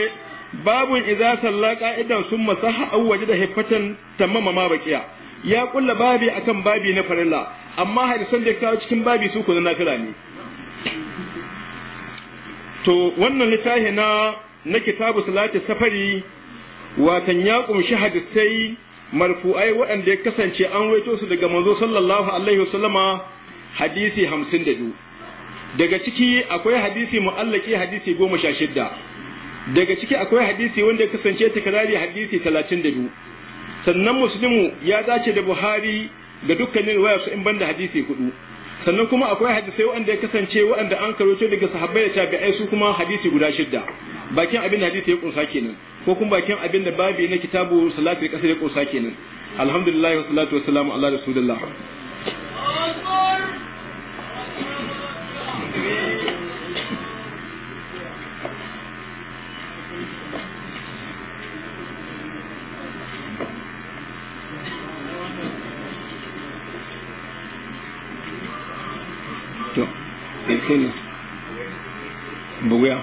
babun idza salla qa'idan summa saha aw wajada hifatan tamama ma baqiya ya kulla babi akan babi na farilla amma hadisan da kawo cikin babi su ko na nafila ne to wannan littafi na na kitabu salati safari watan ya kumshi hadisai marfu'ai waɗanda ya kasance an waito su daga manzo sallallahu alaihi wasallama hadisi hamsin da biyu daga ciki akwai hadisi mu'allaki hadisi goma sha shidda daga ciki akwai hadisi wanda ya kasance takarari hadisi talatin da biyu sannan muslimu ya dace da buhari da dukkanin waya su in banda hadisi hudu sannan kuma akwai hadisai waɗanda ya kasance waɗanda an karato daga sahabbai da tabi'ai su kuma hadisi guda shidda bakin abin da hadisi ya kunsa kenan ko kuma bakin abin da babi na kitabu salatul qasr ya kunsa kenan alhamdulillah wa salatu wa salamu ala rasulillah sai buguya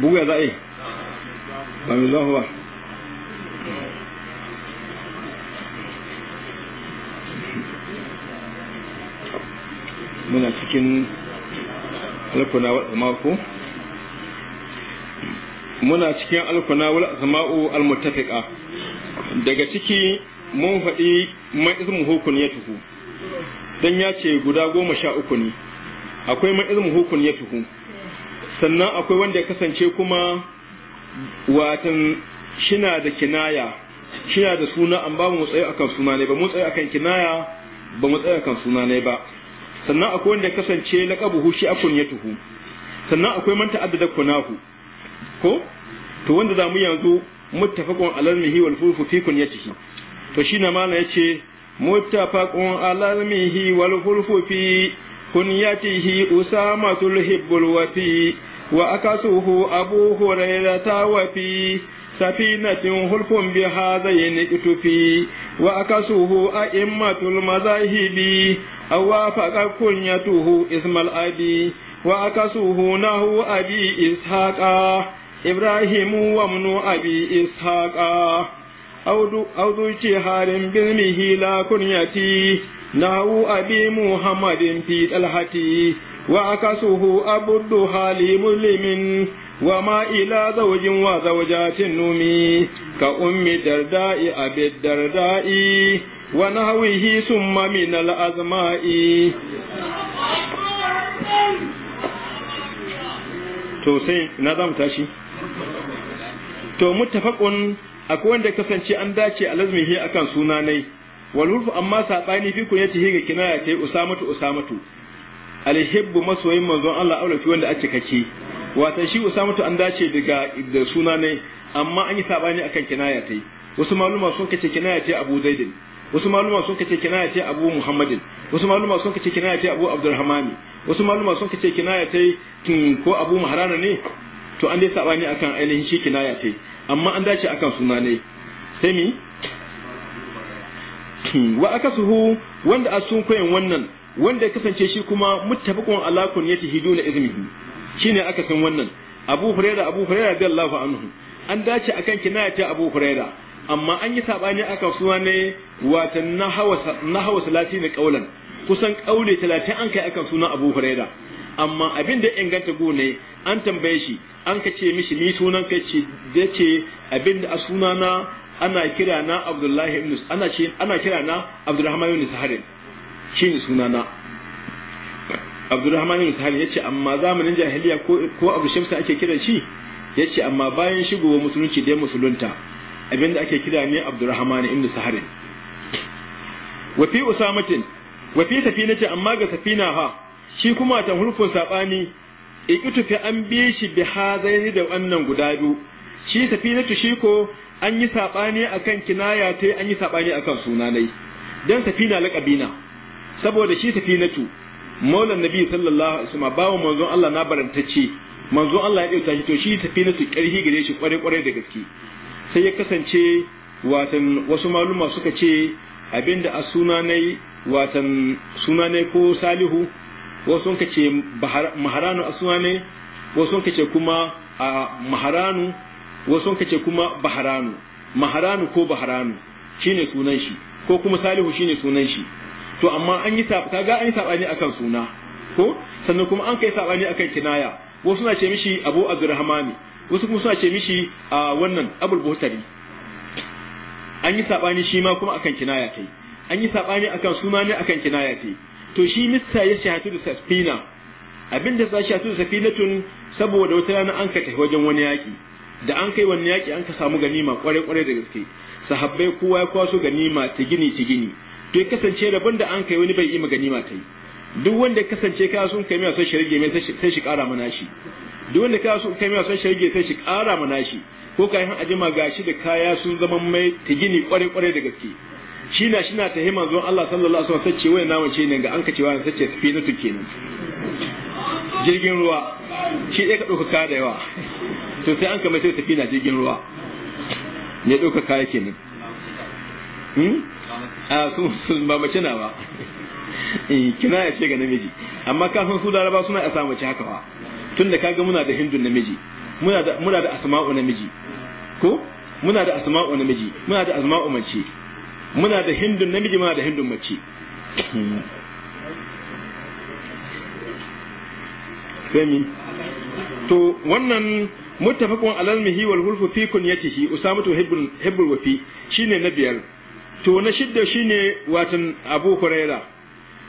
buguya za a yi ba mai zuwa ba muna cikin alkuna mako muna cikin alkuna wal asma'u almutafika daga ciki mun faɗi mai ismu hukun ya tuku don ya ce guda goma sha uku ne akwai man ilmu hukun ya fi sannan akwai wanda ya kasance kuma watan shina da kinaya shina da suna an ba mu tsaye akan suna ne ba mu tsaye akan kinaya ba mu tsaye akan suna ne ba sannan akwai wanda ya kasance hu shi akun ya tuhu sannan akwai man ta'addada kunahu ko to wanda zamu yanzu muttafaqun alalmihi wal furfu fi tuhu to shi na mana yace muttafaqun alalmihi wal furfu fi كنيته أسامة الهب الوفي وأكسه أبو هريرة وفي سفينة خلف بهذين اتفي وأكسه أئمة المذاهب أو وافق كنيته اسم الأبي وأكسه نهو أبي إسحاق إبراهيم ومن أبي إسحاق أو ذو شهار بذمه لا كنيته nahu abi muhammadin fi dalhati wa akasuhu abu duha limulimin wa ma ila zawajin wa zawajatin numi ka ummi dardai abi dardai wa nahwihi summa min al azma'i to sai na zamu tashi to muttafaqun akwai wanda kasance an dace alazmihi akan sunanai wal urfu amma sabani fi kun yace higa kinaya tai usamatu usamatu alhibbu masoyin manzon Allah aure fi wanda ake kake wata shi usamatu an dace daga da suna amma an yi sabani akan kinaya tai wasu maluma sun kace kinaya tai Abu Zaidin wasu maluma sun kace kinaya tai Abu Muhammadin wasu maluma sun kace kinaya tai Abu Abdurrahmani wasu maluma sun kace kinaya tai hmm, ko Abu Maharana ne to an dai sabani akan ainihin shi kinaya tai amma an dace akan suna ne sai mi wa akasuhu wanda a sun koyan wannan wanda ya kasance shi kuma muttafaqun ala yati na izmihi shine akasin wannan Abu Hurairah Abu Hurairah radiyallahu anhu an dace akan kinaya ta Abu Hurairah amma an yi sabani aka suwa ne watan na hawa salati ne kaulan kusan kaule 30 an kai akan suna Abu Hurairah amma abin da inganta go ne an tambaye shi an ka ce mishi ni sunan kai ce da ce abin da a sunana ana kira na abdullahi ibn ana ce ana kira na abdurrahman ibn saharin shine sunana abdurrahman ibn saharin yace amma zamanin jahiliya ko ko abu shamsa ake kiran shi yace amma bayan shigowar musulunci dai musulunta abinda ake kira ne abdurrahman ibn saharin wa fi usamatin wa fi safinati amma ga safina ha shi kuma tan hurfin sabani ikitu fi an bi shi bi hazaini da wannan guda biyu shi safinatu shi ko an yi saɓani akan kinaya ta an yi saɓani akan sunanai dan safina laƙabina saboda shi safinatu maulan nabi sallallahu alaihi wasallam bawo manzon Allah na barantacce manzon Allah ya dauka shi to shi safinatu karhi gare shi kware kware da gaske sai ya kasance watan wasu maluma suka ce abinda a sunanai watan sunanai ko salihu wasu ka ce maharanu a sunanai wasu ka ce kuma a maharanu wasu ka ce kuma baharanu maharanu ko baharanu shine sunan shi ko kuma salihu shine sunan shi to amma an yi ta ga an yi sabani akan suna ko sannan kuma an kai sabani akan kinaya wasu suna ce mishi abu abdurrahmani wasu kuma suna ce mishi a wannan abul buhtari an yi sabani shi ma kuma akan kinaya kai an yi sabani akan suna ne akan kinaya kai to shi mista ya shahatu da safina abinda shi shahatu da safinatun saboda wata rana an kata wajen wani yaki da an kai wannan yaki an ka samu ganima kware kware da gaske sahabbai kowa ya kwaso ganima ta gini ta gini to ya kasance rabon da an kai wani bai ima ganima ta yi duk wanda ya kasance kaya sun kai miya son shi rage mai sai shi kara mana shi duk wanda ka sun kai miya son shi rage sai shi kara mana shi ko kai han ajima gashi da kaya sun zama mai ta gini kware kware da gaske shi na shi na ta hima zuwa Allah sallallahu alaihi wasallam sace wai nawa ce ne ga an ka cewa sace spinatu kenan jirgin ruwa shi ɗaya ka ɗauka da yawa to sai an kama sai tafi na jirgin ruwa ya ɗauka kaya kenan hmm? a sun ba mace na ba eh, kina ya ce ga namiji amma kafin su laraba suna a mace haka ba tun da kaga muna da hindun namiji muna da asma'u namiji ko muna da asma'u namiji muna da asma'u mace muna da hindun namiji muna da hindun mace hmm. to wannan muttafaqun alal mihi wal hulfu fi kunyatihi usamatu hibbul hibbul wafi shine na biyar to na shidda shine watan abu huraira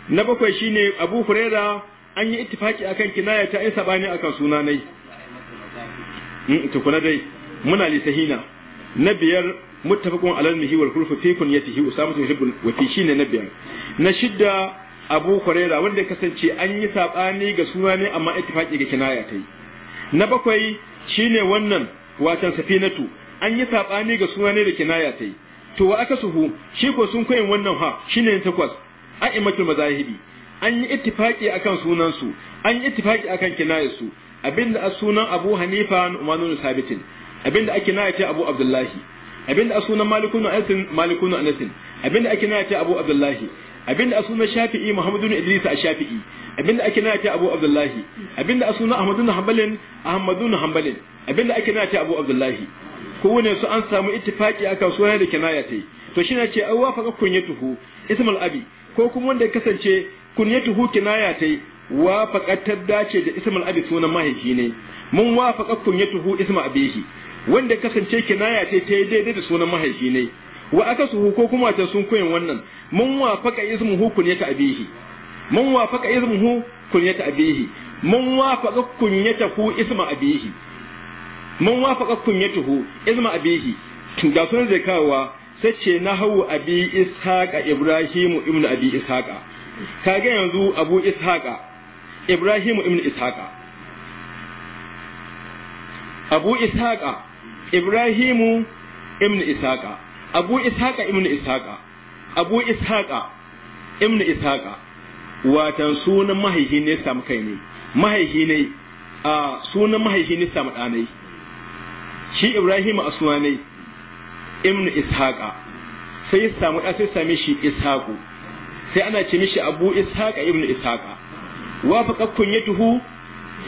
na bakwai shine abu huraira an yi ittifaki akan kinaya ta isa bani akan sunanai mm, kuna dai muna sahina na biyar muttafaqun alal mihi wal hulfu fi kunyatihi usamatu hibbul wafi shine na biyar na shidda abu huraira wanda kasance an yi sabani ga sunanai amma ittifaki ga kinaya ta na bakwai shine wannan watan safinatu an yi sabani ga suna ne da kinaya tai to wa aka suhu shi ko sun koyin wannan ha shine takwas imatul mazahibi an yi ittifaki akan sunan su an yi ittifaki akan kinayar su abinda a sunan Abu Hanifa Umanu Sabitin abinda ake kinaya ce Abu Abdullahi abinda a sunan Malikunu anasin Malikunu anasin abinda ake kinaya ce Abu Abdullahi Abin da asuna shafi'i muhammadu ibn idrisa ash-shafi'i da ake nana ta abu abdullahi da asuna ahmadu ibn hanbalin ahmadu ibn abin da ake nana ta abu abdullahi kowane su an samu ittifaqi akan sunan da kinaya tai to shi na ce an wafaka kunyatuhu ismul abi ko kuma wanda ya kasance kunyatuhu kinaya tai wafaqatar dace da ismul abi sunan mahaifi ne mun wafaka kunyatuhu ismul abihi wanda kasance kinaya tai ta daidai da sunan mahaifi ne wa akasuhu ko kuma ta sun koyin wannan mun wafaqa ismuhu kunyata abihi mun wafaqa ismuhu kunyata abihi man wafaqa ku isma abihi man wafaqa hu isma abihi to da sun zai kawo sai ce nahawu abi ishaqa ibrahimu ibnu abi ishaqa kage yanzu abu ishaqa ibrahimu ibnu ishaqa abu ishaqa ibrahimu ibnu ishaqa abu ishaqa ibnu ishaqa abu ishaqa ibnu ishaqa watan sunan mahaihi ne samu kai ne mahaihi ne a sunan mahaihi ne samu ɗanai shi ibrahim a sunanai ibnu ishaqa sai ya samu da sai same shi ishaqu sai ana ce mishi abu ishaqa ibnu ishaqa wa faqa kunyatuhu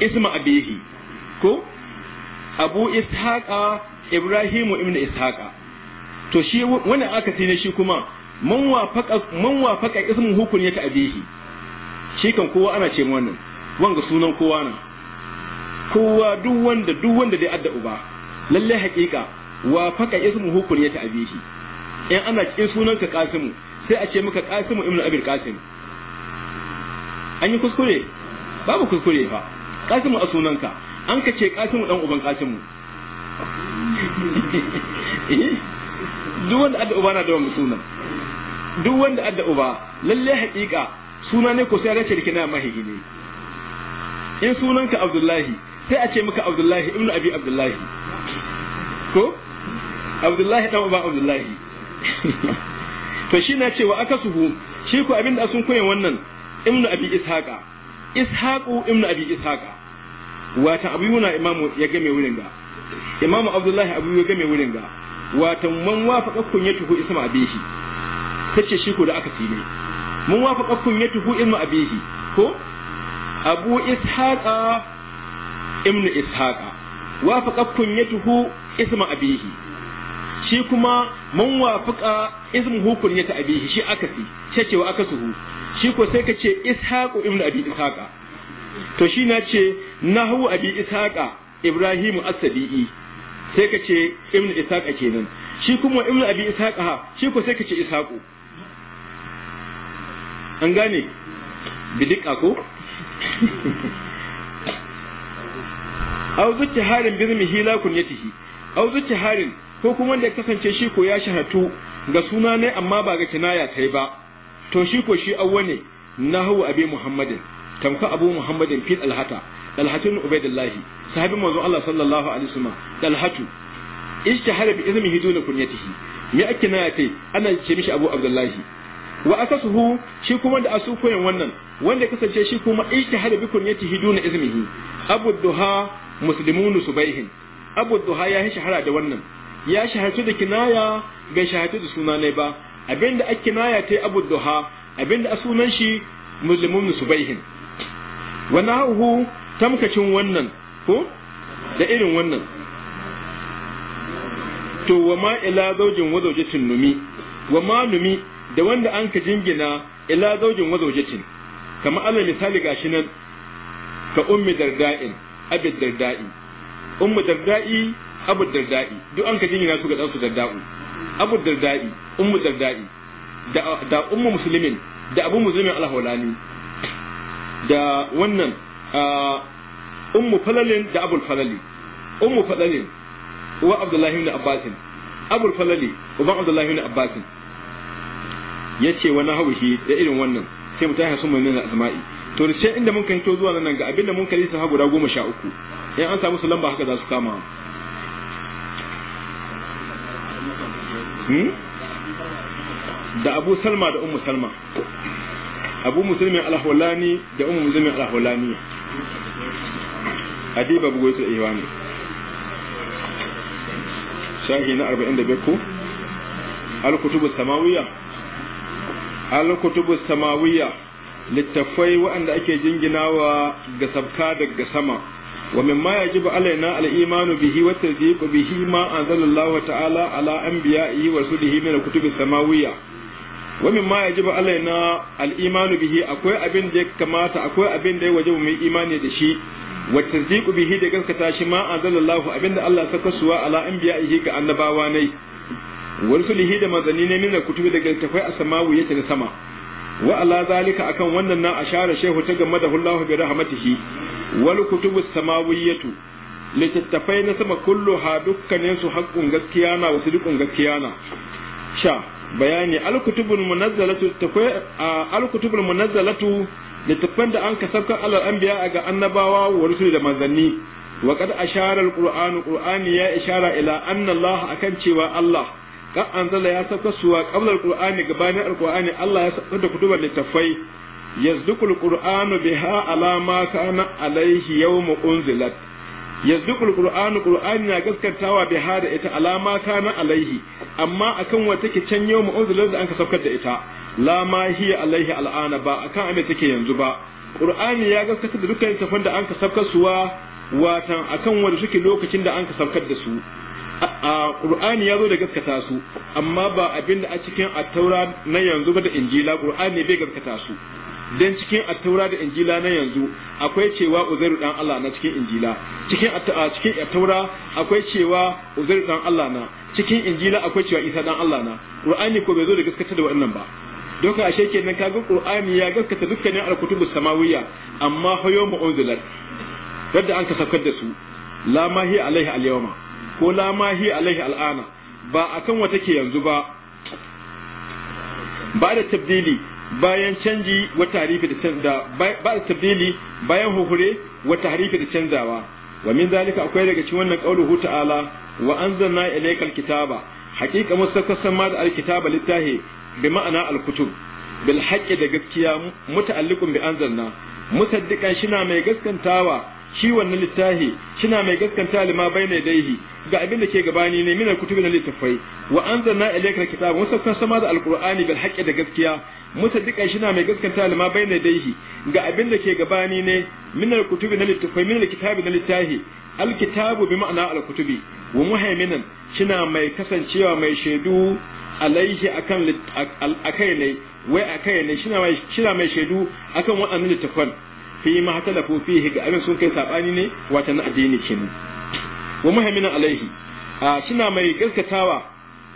isma abihi ko abu ishaqa ibrahimu ibnu ishaqa to shi aka sai ne shi kuma man wafaka faka wafaka ismun hukun ya ta'abihi shi kan kowa ana ce wannan wanga sunan kowa nan kowa duk wanda duk wanda dai adda uba lalle haƙiƙa wafaka ismin hukun ya ta'abihi in ana cikin sunanka qasim sai a ce maka qasim ibn Abil Qasim an yi kuskure babu kuskure fa qasim a sunanka an ka ce qasim dan uban Qasimu duk wanda adda uba na da wani sunan duk wanda adda uba lalle haƙiƙa suna ne ko sai ga shirki na mahigi ne in sunanka Abdullahi sai a ce maka Abdullahi ibnu Abi Abdullahi ko Abdullahi dan uba Abdullahi to shi na cewa aka suhu shi ko abinda sun koyan wannan ibnu Abi Ishaqa Ishaqu ibnu Abi Ishaqa wata abu imamu ya game wurin ga imamu Abdullahi abu ya game wurin ga watan man ya tuhu isma abihi tace shi ko da aka sine mun ya tuhu isma abihi ko abu ishaqa ibn ishaqa ya tuhu isma abihi shi kuma man hukun ya ta abihi shi aka si cecewa aka suhu shi ko sai ka ce ishaqu ibn abi ishaqa to shi na ce nahu abi ishaqa ibrahim as-sadi'i sai ka ce ibn isaqa kenan shi kuma ibn abi isaqa shi ko sai ka ce isaqu an gane bidika ko aw zuci harin birmihi la kunyatihi aw zuci harin ko kuma wanda kasance shi ko ya shahatu ga suna ne amma ba ga kinaya kai ba to shi ko shi awwa ne nahwu abi muhammadin tamka abu muhammadin fil alhata dalhatun ubaidillahi sahabin manzon Allah sallallahu alaihi wasallam dalhatu ishtahara bi izmihi duna kunyatihi me ake na kai ana ce mishi abu abdullahi wa asasuhu shi kuma da asu koyan wannan wanda kasance shi kuma ishtihar bi kunyatihi duna izmihi abu duha muslimun subaihin abu duha ya yi shahara da wannan ya shahartu da kinaya bai shahartu da suna ne ba abinda ake kinaya ta abu duha abinda asunan shi muslimun subaihin wa nahuhu tamkacin wannan ko da irin wannan to wa ma ila zaujin wa zaujatin numi wa ma numi da wanda an ka jingina ila zaujin wa zaujatin kamar alal misali gashi nan ka ummi darda'in abid darda'i ummu darda'i abu darda'i duk an ka jingina su ga dan su darda'u abu darda'i ummu darda'i da da ummu muslimin da abu muslimin alhawlani da wannan ummu falalin da abul falali ummu falalin wa abdullahi ibn abbasin abul falali wa abdullahi ibn abbasin yace wani haushi da irin wannan sai mutane sun mai nuna asma'i to sai inda mun kai to zuwa nan ga abinda mun kai sun ha guda goma sha uku in an samu su lamba haka za su kama da abu salma da ummu salma abu musulmin alhulani da ummu musulmin alhulaniya adiba bugu su iwani shahi na 45 ko al-kutubu samawiyya al-kutubu samawiyya littafai waɗanda ake jinginawa ga sabka daga sama wa min mimma yajibu alaina al-imanu bihi wa tasdiqu bihi ma anzalallahu ta'ala ala anbiya'ihi wa rusulihi min al-kutubi samawiyya wa mimma yajibu alaina al-imanu bihi akwai abin ya kamata akwai abinda da ya wajibu mu imani da shi wa tasdiqu bihi da gaskata shi ma abinda Allah ya saka suwa ala anbiya'ihi ga annabawa ne wa rusulihi da manzanni ne kutubi da galtafai a samawi yake da sama wa akan wannan na ashara shehu ta gamma da Allahu bi rahmatihi wal kutubu littattafai na sama kullu ha dukkanin su haqqun gaskiya na wasu dukkan gaskiya sha bayani alkutubul munazzalatu alkutubul munazzalatu littafan da an kasafka alal anbiya ga annabawa wa rusul da manzanni wa qad ashara alquran alquran ya ishara ila anna allah akan cewa allah ka anzala ya safka suwa qabla alquran gabanin alquran allah ya safka da kutubar littafai yazduqul qur'anu biha ala ma kana alaihi yawm unzilat yanzu qur'anu qur'ani na gaskatawa bi hada ita alama na alaihi amma akan wata take can yau mu'uzular da an kasafkar da ita la ma hiya alaihi al'ana ba akan ame take yanzu ba qur'ani ya gaskata da dukkan tafan da an kasafkar saukar suwa watan akan wanda suke lokacin da an kasafkar saukar da su a qur'ani ya zo da gaskata su amma ba abin da a cikin attaura na yanzu ba da injila qur'ani bai gaskata su dan cikin attaura da injila na yanzu akwai cewa uzairu dan Allah na cikin injila cikin cikin attaura akwai cewa uzairu dan Allah na cikin injila akwai cewa isa dan Allah na qur'ani ko bai zo da gaskata da wannan ba doka ashe kenan kaga qur'ani ya gaskata dukkanin alkutubus samawiyya amma hayo mu'unzilat yadda an ka saukar da su la mahi alaihi alyawma ko la mahi alaihi al'ana ba akan wata ke yanzu ba ba da tabdili bayan canji wa tarifi da canza ba tabdili bayan huhure wa tarifi da canzawa wa min zalika akwai daga cikin wannan hu ta'ala wa anzalna ilayka alkitaba haqiqa mustaqasan ma da alkitaba littahi bi ma'ana alkutub bil haqqi da gaskiya muta'alliqun bi anzalna musaddiqan shina mai gaskantawa shi wannan littahi shina mai gaskanta lima bayna daihi ga abin da ke gabani ne minar kutubi na littafai wa anzalna ilayka alkitaba musaffan sama da al'kur'ani bil haƙƙi da gaskiya shi na mai gaskanta lima bayna daihi ga abin da ke gabani ne minar kutubi na littafai minar kitabi na littahi alkitabu bi ma'ana alkutubi wa muhaiminan shina mai kasancewa mai shaidu alaihi akan akai ne wai akai ne shi na mai shaidu akan waɗannan littafan fi ma hatalafu fihi ga abin sun kai sabani ne wata na addini kenan wa muhaiminan alaihi shina mai gaskatawa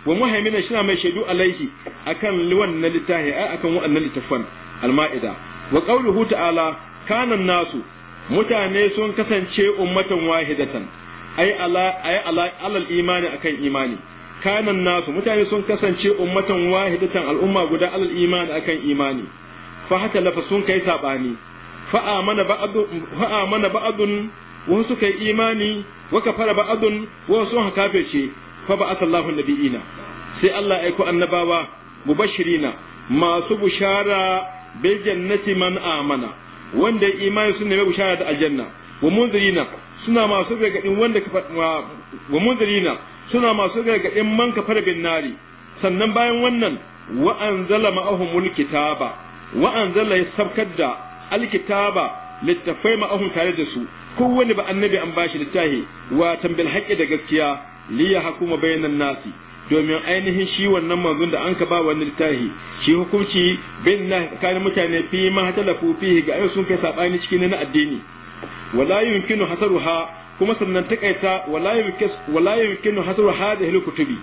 wa muhaiminan shina mai shaidu alaihi akan wannan littafi ai akan wannan littafan alma'ida wa qauluhu ta'ala kana nasu mutane sun kasance ummatan wahidatan ai ala ai ala alal imani akan imani kana nasu mutane sun kasance ummatan wahidatan al'umma guda alal imani akan imani fa hata lafa sun kai sabani fa'amana ba'adun wasu suka yi imani wa kafara ba'adun wasu sun kafirce fa ba'atha Allahu nabiyina sai Allah ya aiko annabawa mubashirina masu bushara bil jannati man amana wanda ya imani sun nemi bushara da aljanna wa munzirina suna masu gargadin wanda wa munzirina suna masu gargadin man kafara bin nari sannan bayan wannan wa anzala ma'ahumul kitaba wa anzala sabkadda alkitaba littafai ma'ahun tare da su kowane ba annabi an bashi littafi wa tambil haƙƙi da gaskiya li ya hukuma bayanan nasi domin ainihin shi wannan manzon da an ka ba wannan littafi shi hukunci bin na kan mutane fi ma hatalafu fihi ga ayyukan sun kai sabani cikin na addini wala yumkinu hasaruha kuma sannan takaita wala yumkinu wala yumkinu hasaru hadhihi kutubi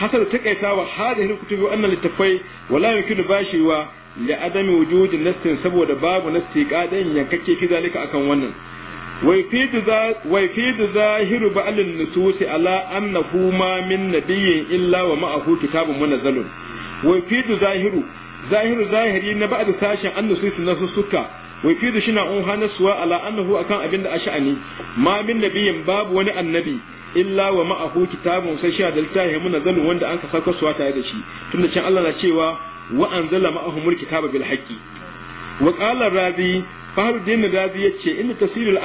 hasaru takaita wa hadhihi kutubi wannan littafai wala yumkinu bashiwa li adami wujudin nassin saboda babu nassi kadan yankake fi zalika akan wannan wai fi da zahiru ba'alin nususi ala annahu ma min nabiyyin illa wa ma'ahu kitabun munazzalun wai fi zahiru zahiru zahiri na ba'd sashin an nususi na suka wai fi da shina ala annahu akan abin da asha'ani ma min nabiyyin babu wani annabi illa wa ma'ahu kitabun sai sha da littafin zalun wanda an ka sauka suwa tare da shi tunda can Allah na cewa Wa'anzala anzala ma'ahumul kitaba bil haqqi wa qala razi fahruddin razi yace inda tafsirul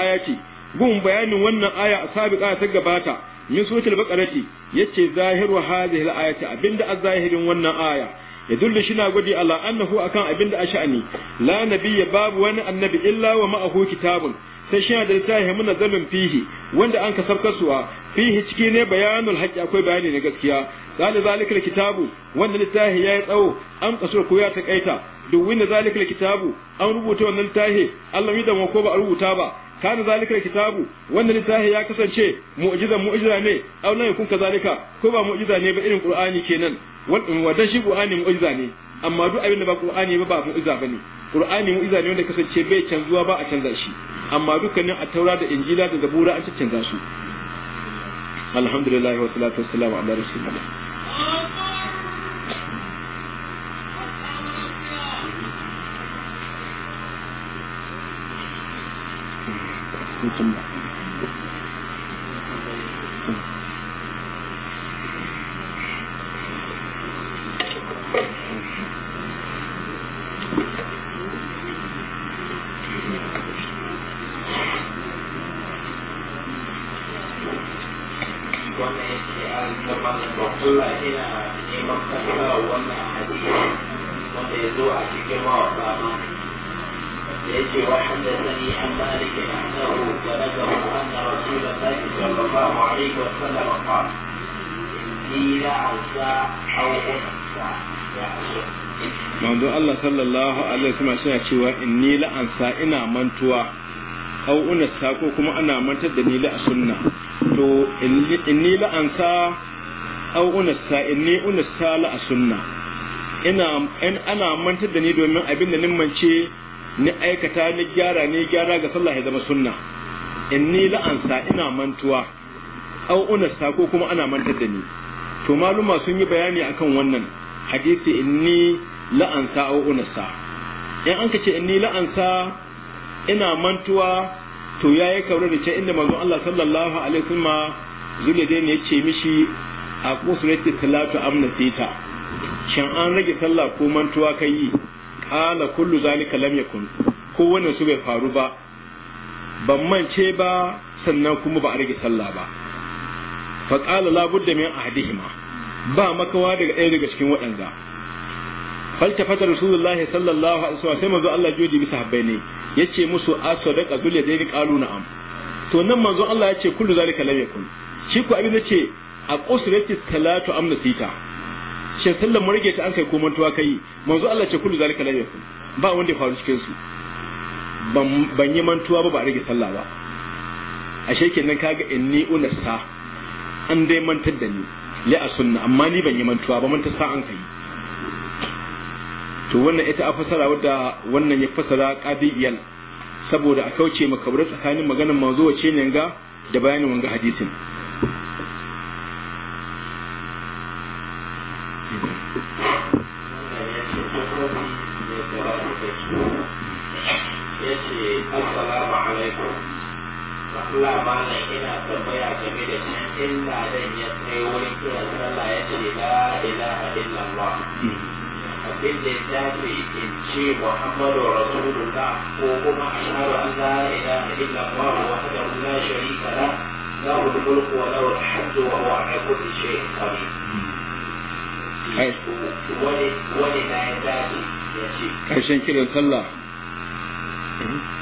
gun bayanin wannan aya a sabiqa ta gabata min suratul baqarati yace zahiru hadhihi al ayati abinda a zahirin wannan aya ya dulle shi na gwadi ala annahu akan abin da a asha'ani la nabiyya babu wani annabi illa wa ma'ahu kitabun sai shi da littafi mun zamin fihi wanda an ka sarkasuwa fihi ciki ne bayanul haqqi akwai bayani na gaskiya qala zalika kitabu wanda littafi yi tsawo an kaso ko ya takaita duk wanda zalika kitabu an rubuta wannan littafi Allah yi da ko ba a rubuta ba kana zalika kitabu wannan littafi ya kasance mu'jiza mu'jiza ne aw la yakun kazalika ko ba mu'jiza ne ba irin qur'ani kenan wadan shi qur'ani mu'jiza ne amma duk abin da ba qur'ani ba ba mu'jiza bane qur'ani mu'jiza ne wanda kasance bai canzuwa ba a canza shi amma dukkanin attaura da injila da zabura an ciccanza su alhamdulillah wa salatu wassalamu ala rasulillah Thank you. sallallahu suna cewa cewa ni la'ansa ina mantuwa au unasta ko kuma ana mantar da ni la sunna to in ni la'ansa au unasta sa ni unasta sa la sunna in ana mantar da ni domin abin da nin mance ni aikata ni gyara ni gyara ga sallah ya zama sunna ni la'ansa ina mantuwa au unasta ko kuma ana mantar da ni to maluma sun yi bayani akan wannan hadisi in ni la'ansa au unasta. sa in an ka ce ni la'ansa ina mantuwa to yayi kaure da ce inda manzon Allah sallallahu alaihi wasallam zuladain ne ce mishi a kusurati talatu amna sita. shin an rage sallah ko mantuwa kai yi qala kullu zalika lam yakun ko wannan su bai faru ba ban mance ba sannan kuma ba a rage sallah ba fa qala la budda min ahdihima ba makawa daga ɗaya daga cikin waɗanda faltafata rasulullahi sallallahu alaihi wasallam sai manzo Allah jodi bisa habbai ne yace musu asadaqa zul yadaini qalu na'am to nan manzo Allah yace kullu zalika lam yakun shi ko abin yace a qusrati talatu amna sita shin sallan mu rage ta an kai ko mantuwa kai manzo Allah ce kullu zalika lam yakun ba wanda ya faru cikin ban yi mantuwa ba ba rage sallah ba ashe kenan kaga inni unassa an dai mantar da ni sunna amma ni ban yi mantuwa ba mantar an kai to wannan ita a fasara wadda wannan ya fasara qadiyan saboda a kauce makabar tsakanin maganar manzo wace ne ga da bayanin wanga hadisin Allah mana ina tambaya game da shi. illa dan ya tsaye wani kiran sallah ya ce la ilaha illallah littafi in ce muhammadu rasulullah ko kuma ashhadu an la ilaha illallah wahdahu la sharika la lahu al-mulku wa lahu al-hamdu wa huwa ala kulli shay'in qadir wani wani na ya dace ya ce karshen kiran sallah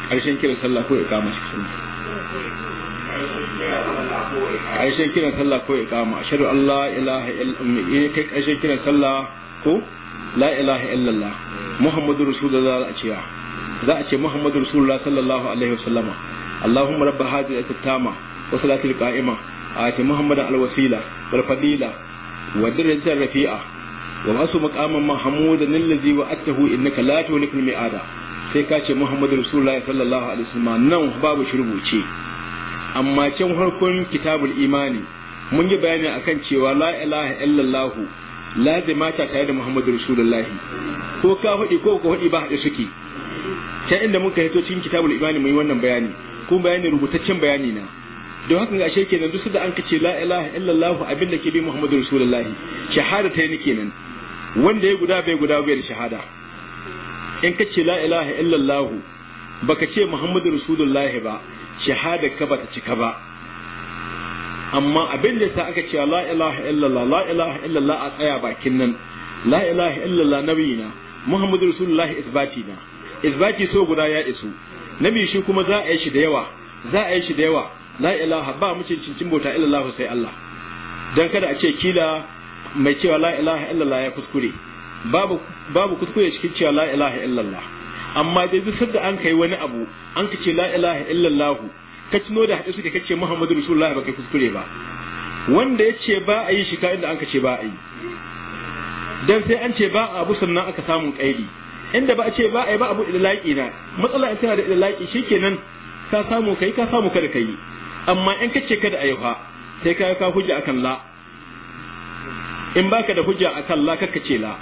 karshen kiran sallah ko ya kama shi sunna karshen kiran sallah ko ya kama ashhadu an la ilaha illallah kai karshen kiran sallah ko la ilaha illallah muhammadu rasulullah za a za a ce muhammadu rasulullah sallallahu alaihi wasallama allahumma rabba hadhihi at-tama wa qa'ima ati muhammadan al-wasila wal fadila wa rafi'a wa masu maqaman mahmudan allazi attahu innaka la mi'ada sai ka ce muhammadu rasulullah sallallahu alaihi wasallam nan babu shirbuce amma can farkon kitabul imani mun yi bayani akan cewa la ilaha illallah la mata tare da muhammadu rasulullahi ko ka hudi ko ka hudi ba haɗe suke ta inda muka hito cikin kitabul imani mai wannan bayani ko bayani rubutaccen bayani na don haka ga ashe kenan duk da an kace la ilaha illallah abinda da ke bi muhammadu rasulullahi shahada ta ne kenan wanda ya guda bai guda bai da shahada in kace la ilaha illallah baka ce muhammadu rasulullahi ba shahada ka ta cika ba amma abin da sa aka cewa la ilaha illallah la ilaha illallah a tsaya bakin nan la ilaha illallah nabiyina muhammadu rasulullahi isbati na isbati so guda ya isu nabi shi kuma za a yi shi da yawa za a yi shi da yawa la ilaha ba mu cincin bota illallah sai Allah dan kada a ce kila mai cewa la ilaha illallah ya kuskure babu babu kuskure cikin cewa la ilaha illallah amma dai duk sabda an kai wani abu an ka ce la ilaha illallah ka tuno da haɗe suke kace Muhammadu Rasulullahi ba kai kuskure ba wanda ya ce ba a yi shi inda an ka ce ba a yi dan sai an ce ba a abu sannan aka samu kaidi inda ba a ce ba a yi ba abu idlaki na matsala in tana da idlaki shikenan ka samu kai ka samu kada kai amma in kace kada ayi fa sai ka ka hujja akan la in baka da hujja akan la kaka ce la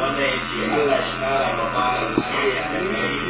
wannan ya yace Allah shi kara ba ba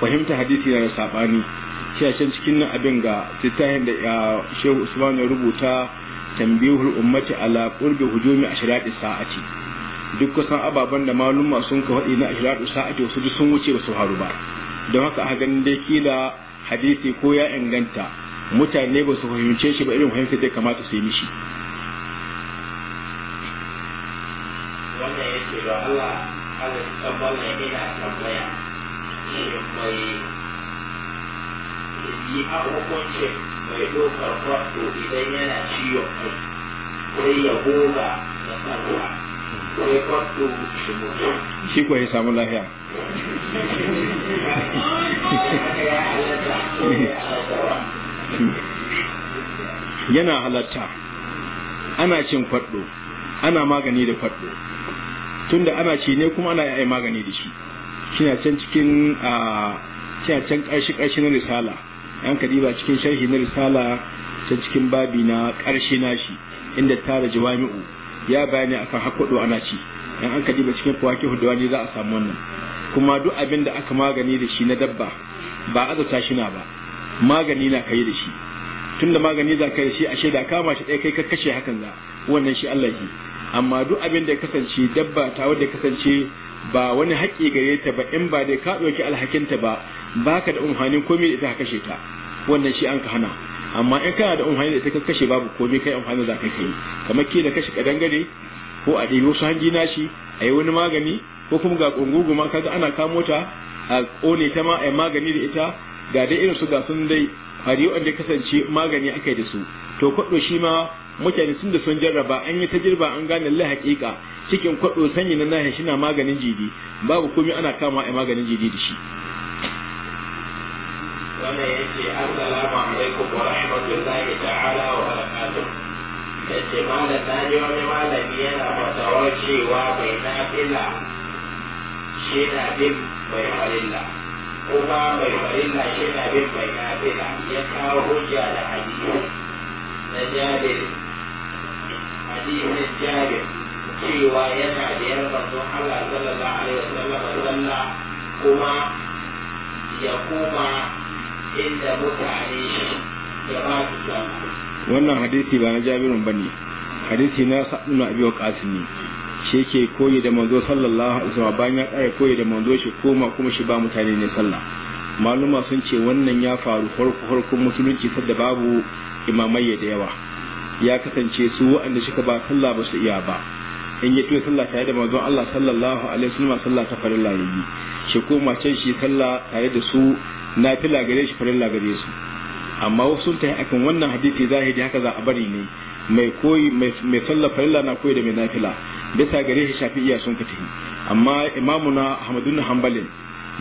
fahimta hadisi yana da sabani shi a can cikin nan abin ga littafin da shehu usman ya rubuta tambihul ummati ala qurbi hujumi ashrati sa'ati duk kusan ababen da malumma sun ka wadi na ashrati sa'ati wasu sun wuce ba su haru ba don haka a ganin dai kila hadisi ko ya inganta mutane ba su fahimce shi ba irin fahimta da kamata su yi mishi wannan yake da Allah Allah ya tabbata ina tambaya mai yana ciwon shi mutu shi yana halatta ana cin kwaddo ana magani da kwaddo tunda ana ci ne kuma ana yi magani da shi Kina can cikin a can ƙarshe ƙarshe na risala an ba cikin sharhi na risala can cikin babi na ƙarshe nashi inda tara jawami'u ya bayani akan hakudu ana ci yan an ba cikin hudawa ne za a samu wannan kuma duk abin da aka magani da shi na dabba ba a zata shi na ba magani na kai da shi tunda magani za ka da shi ashe da kama shi ɗaya kai ka kashe hakan za wannan shi Allah yi amma duk abin da ya kasance dabba ta wadda ya kasance ba wani haƙƙi gare ta ba in ba dai ka ɗauki alhakinta ba baka da umhanin komai da ita ka kashe ta wannan shi an ka hana amma in kana da umhani da ita ka kashe babu komai kai amfani za ka kai kamar ke da kashe kadangare ko a ɗebi wasu hanji nashi a yi wani magani ko kuma ga ƙungugu ma kaga ana kamo ta a ƙone ta ma a yi magani da ita ga dai irin su ga sun dai a da kasance magani aka yi da su to kwaɗo shi ma mutane tun da sun jarraba an yi tajirba an gane la haƙiƙa cikin kwaɗo sanyi na nahi shi na maganin jidi babu komai ana kama a maganin jidi da shi wannan yake assalamu alaikum wa rahmatullahi ta'ala wa barakatuh yace malam na ji wani malami yana fatawar cewa mai nafila shi na bin bai halilla kuma bai farilla shi na bin mai nafila ya kawo hujja da hadisi na jabir hadisi ne jabir cewa yana da Allah sallallahu alaihi wasallam kuma ya koma inda mutane ya ba su wannan hadisi ba na jabirun bane hadisi na sa'dun abi waqas ne shi yake koyi da manzo sallallahu alaihi wasallam bayan ya tsaya koyi da manzo shi koma kuma shi ba mutane ne sallah maluma sun ce wannan ya faru farko farkon musulunci sadda babu imamai da yawa ya kasance su waɗanda suka ba sallah ba su iya ba in ya tuya sallah tare da manzon Allah sallallahu alaihi wasallam sallah ta farilla yayi shi ko can shi sallah tare da su nafila gare shi farilla gare su amma wasu ta akan wannan hadisi zahiri haka za a bari ne mai koyi mai sallah farilla na koyi da mai nafila bisa gare shi shafi iya sun ka tafi amma imamuna Ahmadu bin Hanbalin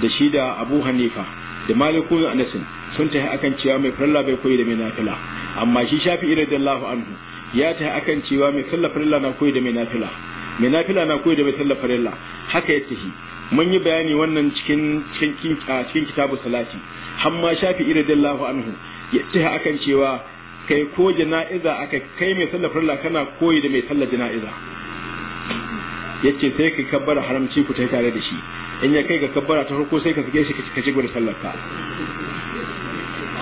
da shi da Abu Hanifa da Malikun Anas sun tafi akan cewa mai farilla bai koyi da mai nafila amma shi da radiyallahu anhu ya ta akan cewa mai sallar farilla na koyi da mai nafila mai nafila na koyi da mai sallar farilla haka ya tafi mun yi bayani wannan cikin cikin cikin kitabu salati amma da radiyallahu anhu ya ta akan cewa kai ko jana'iza aka kai mai sallar farilla kana koyi da mai sallar jana'iza yace sai ka kabbara haramci ku tai tare da shi in ya kai ga kabbara ta farko sai ka sake shi ka ci gaba da sallar ka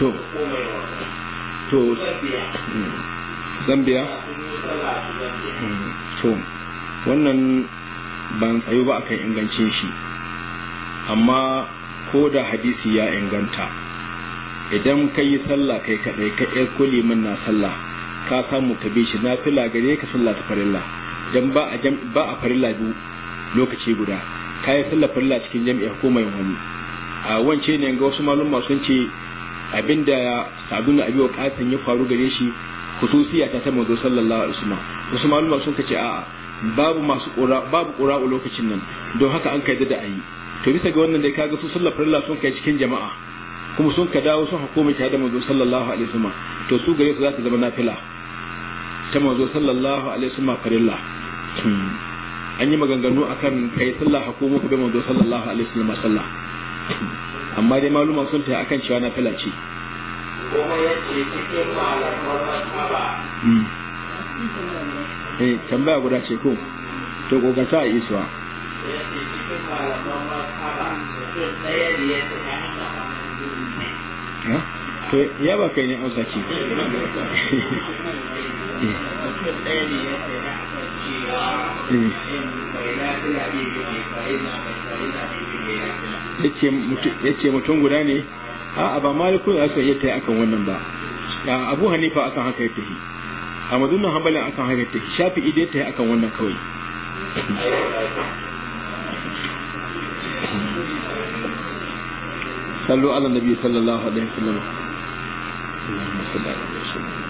to to zambia hmm. to wannan ban tsayo ba akan ingancin shi amma ko da hadisi ya inganta idan ka yi sallah kai kadai ka ɗaya kuli min na sallah ka samu ka bi shi na fila gare ka sallah ta farilla dan ba a ba a farilla biyu lokaci guda ka yi sallah farilla cikin jami'a ko wani a wance ne ga wasu malumma sun ce abinda sabin abi wa kasin ya faru gare shi khususiya ta ta sallallahu alaihi wasallam wasu ma sun kace a'a babu masu qura babu qura lokacin nan don haka an kai da ayi to bisa ga wannan dai kaga su sallar farilla sun kai cikin jama'a kuma sun ka dawo sun hukumi ta da manzo sallallahu alaihi wasallam to su gare su za ta zama nafila ta manzo sallallahu alaihi wasallam farilla hmm. an yi maganganu akan kai sallah hukumu ku da manzo sallallahu alaihi wasallam sallah amma dai maluma sun ta akan cewa na fila ce kuma ya ce cikin malamar masaba hmm. eh tambaya guda ce ko to kokarta a isuwa ya ce cikin malamar masaba mutum ɗaya ne ya ta eh? to ya ba kai ne amsa ce Eh. yace mutum guda ne a'a ba malikun aka yi ta akan wannan ba abu hanifa akan haka ya tafi a mazunan hanbalin akan haka ya tafi shafi ide ta akan wannan kawai sallu ala nabi sallallahu alaihi wasallam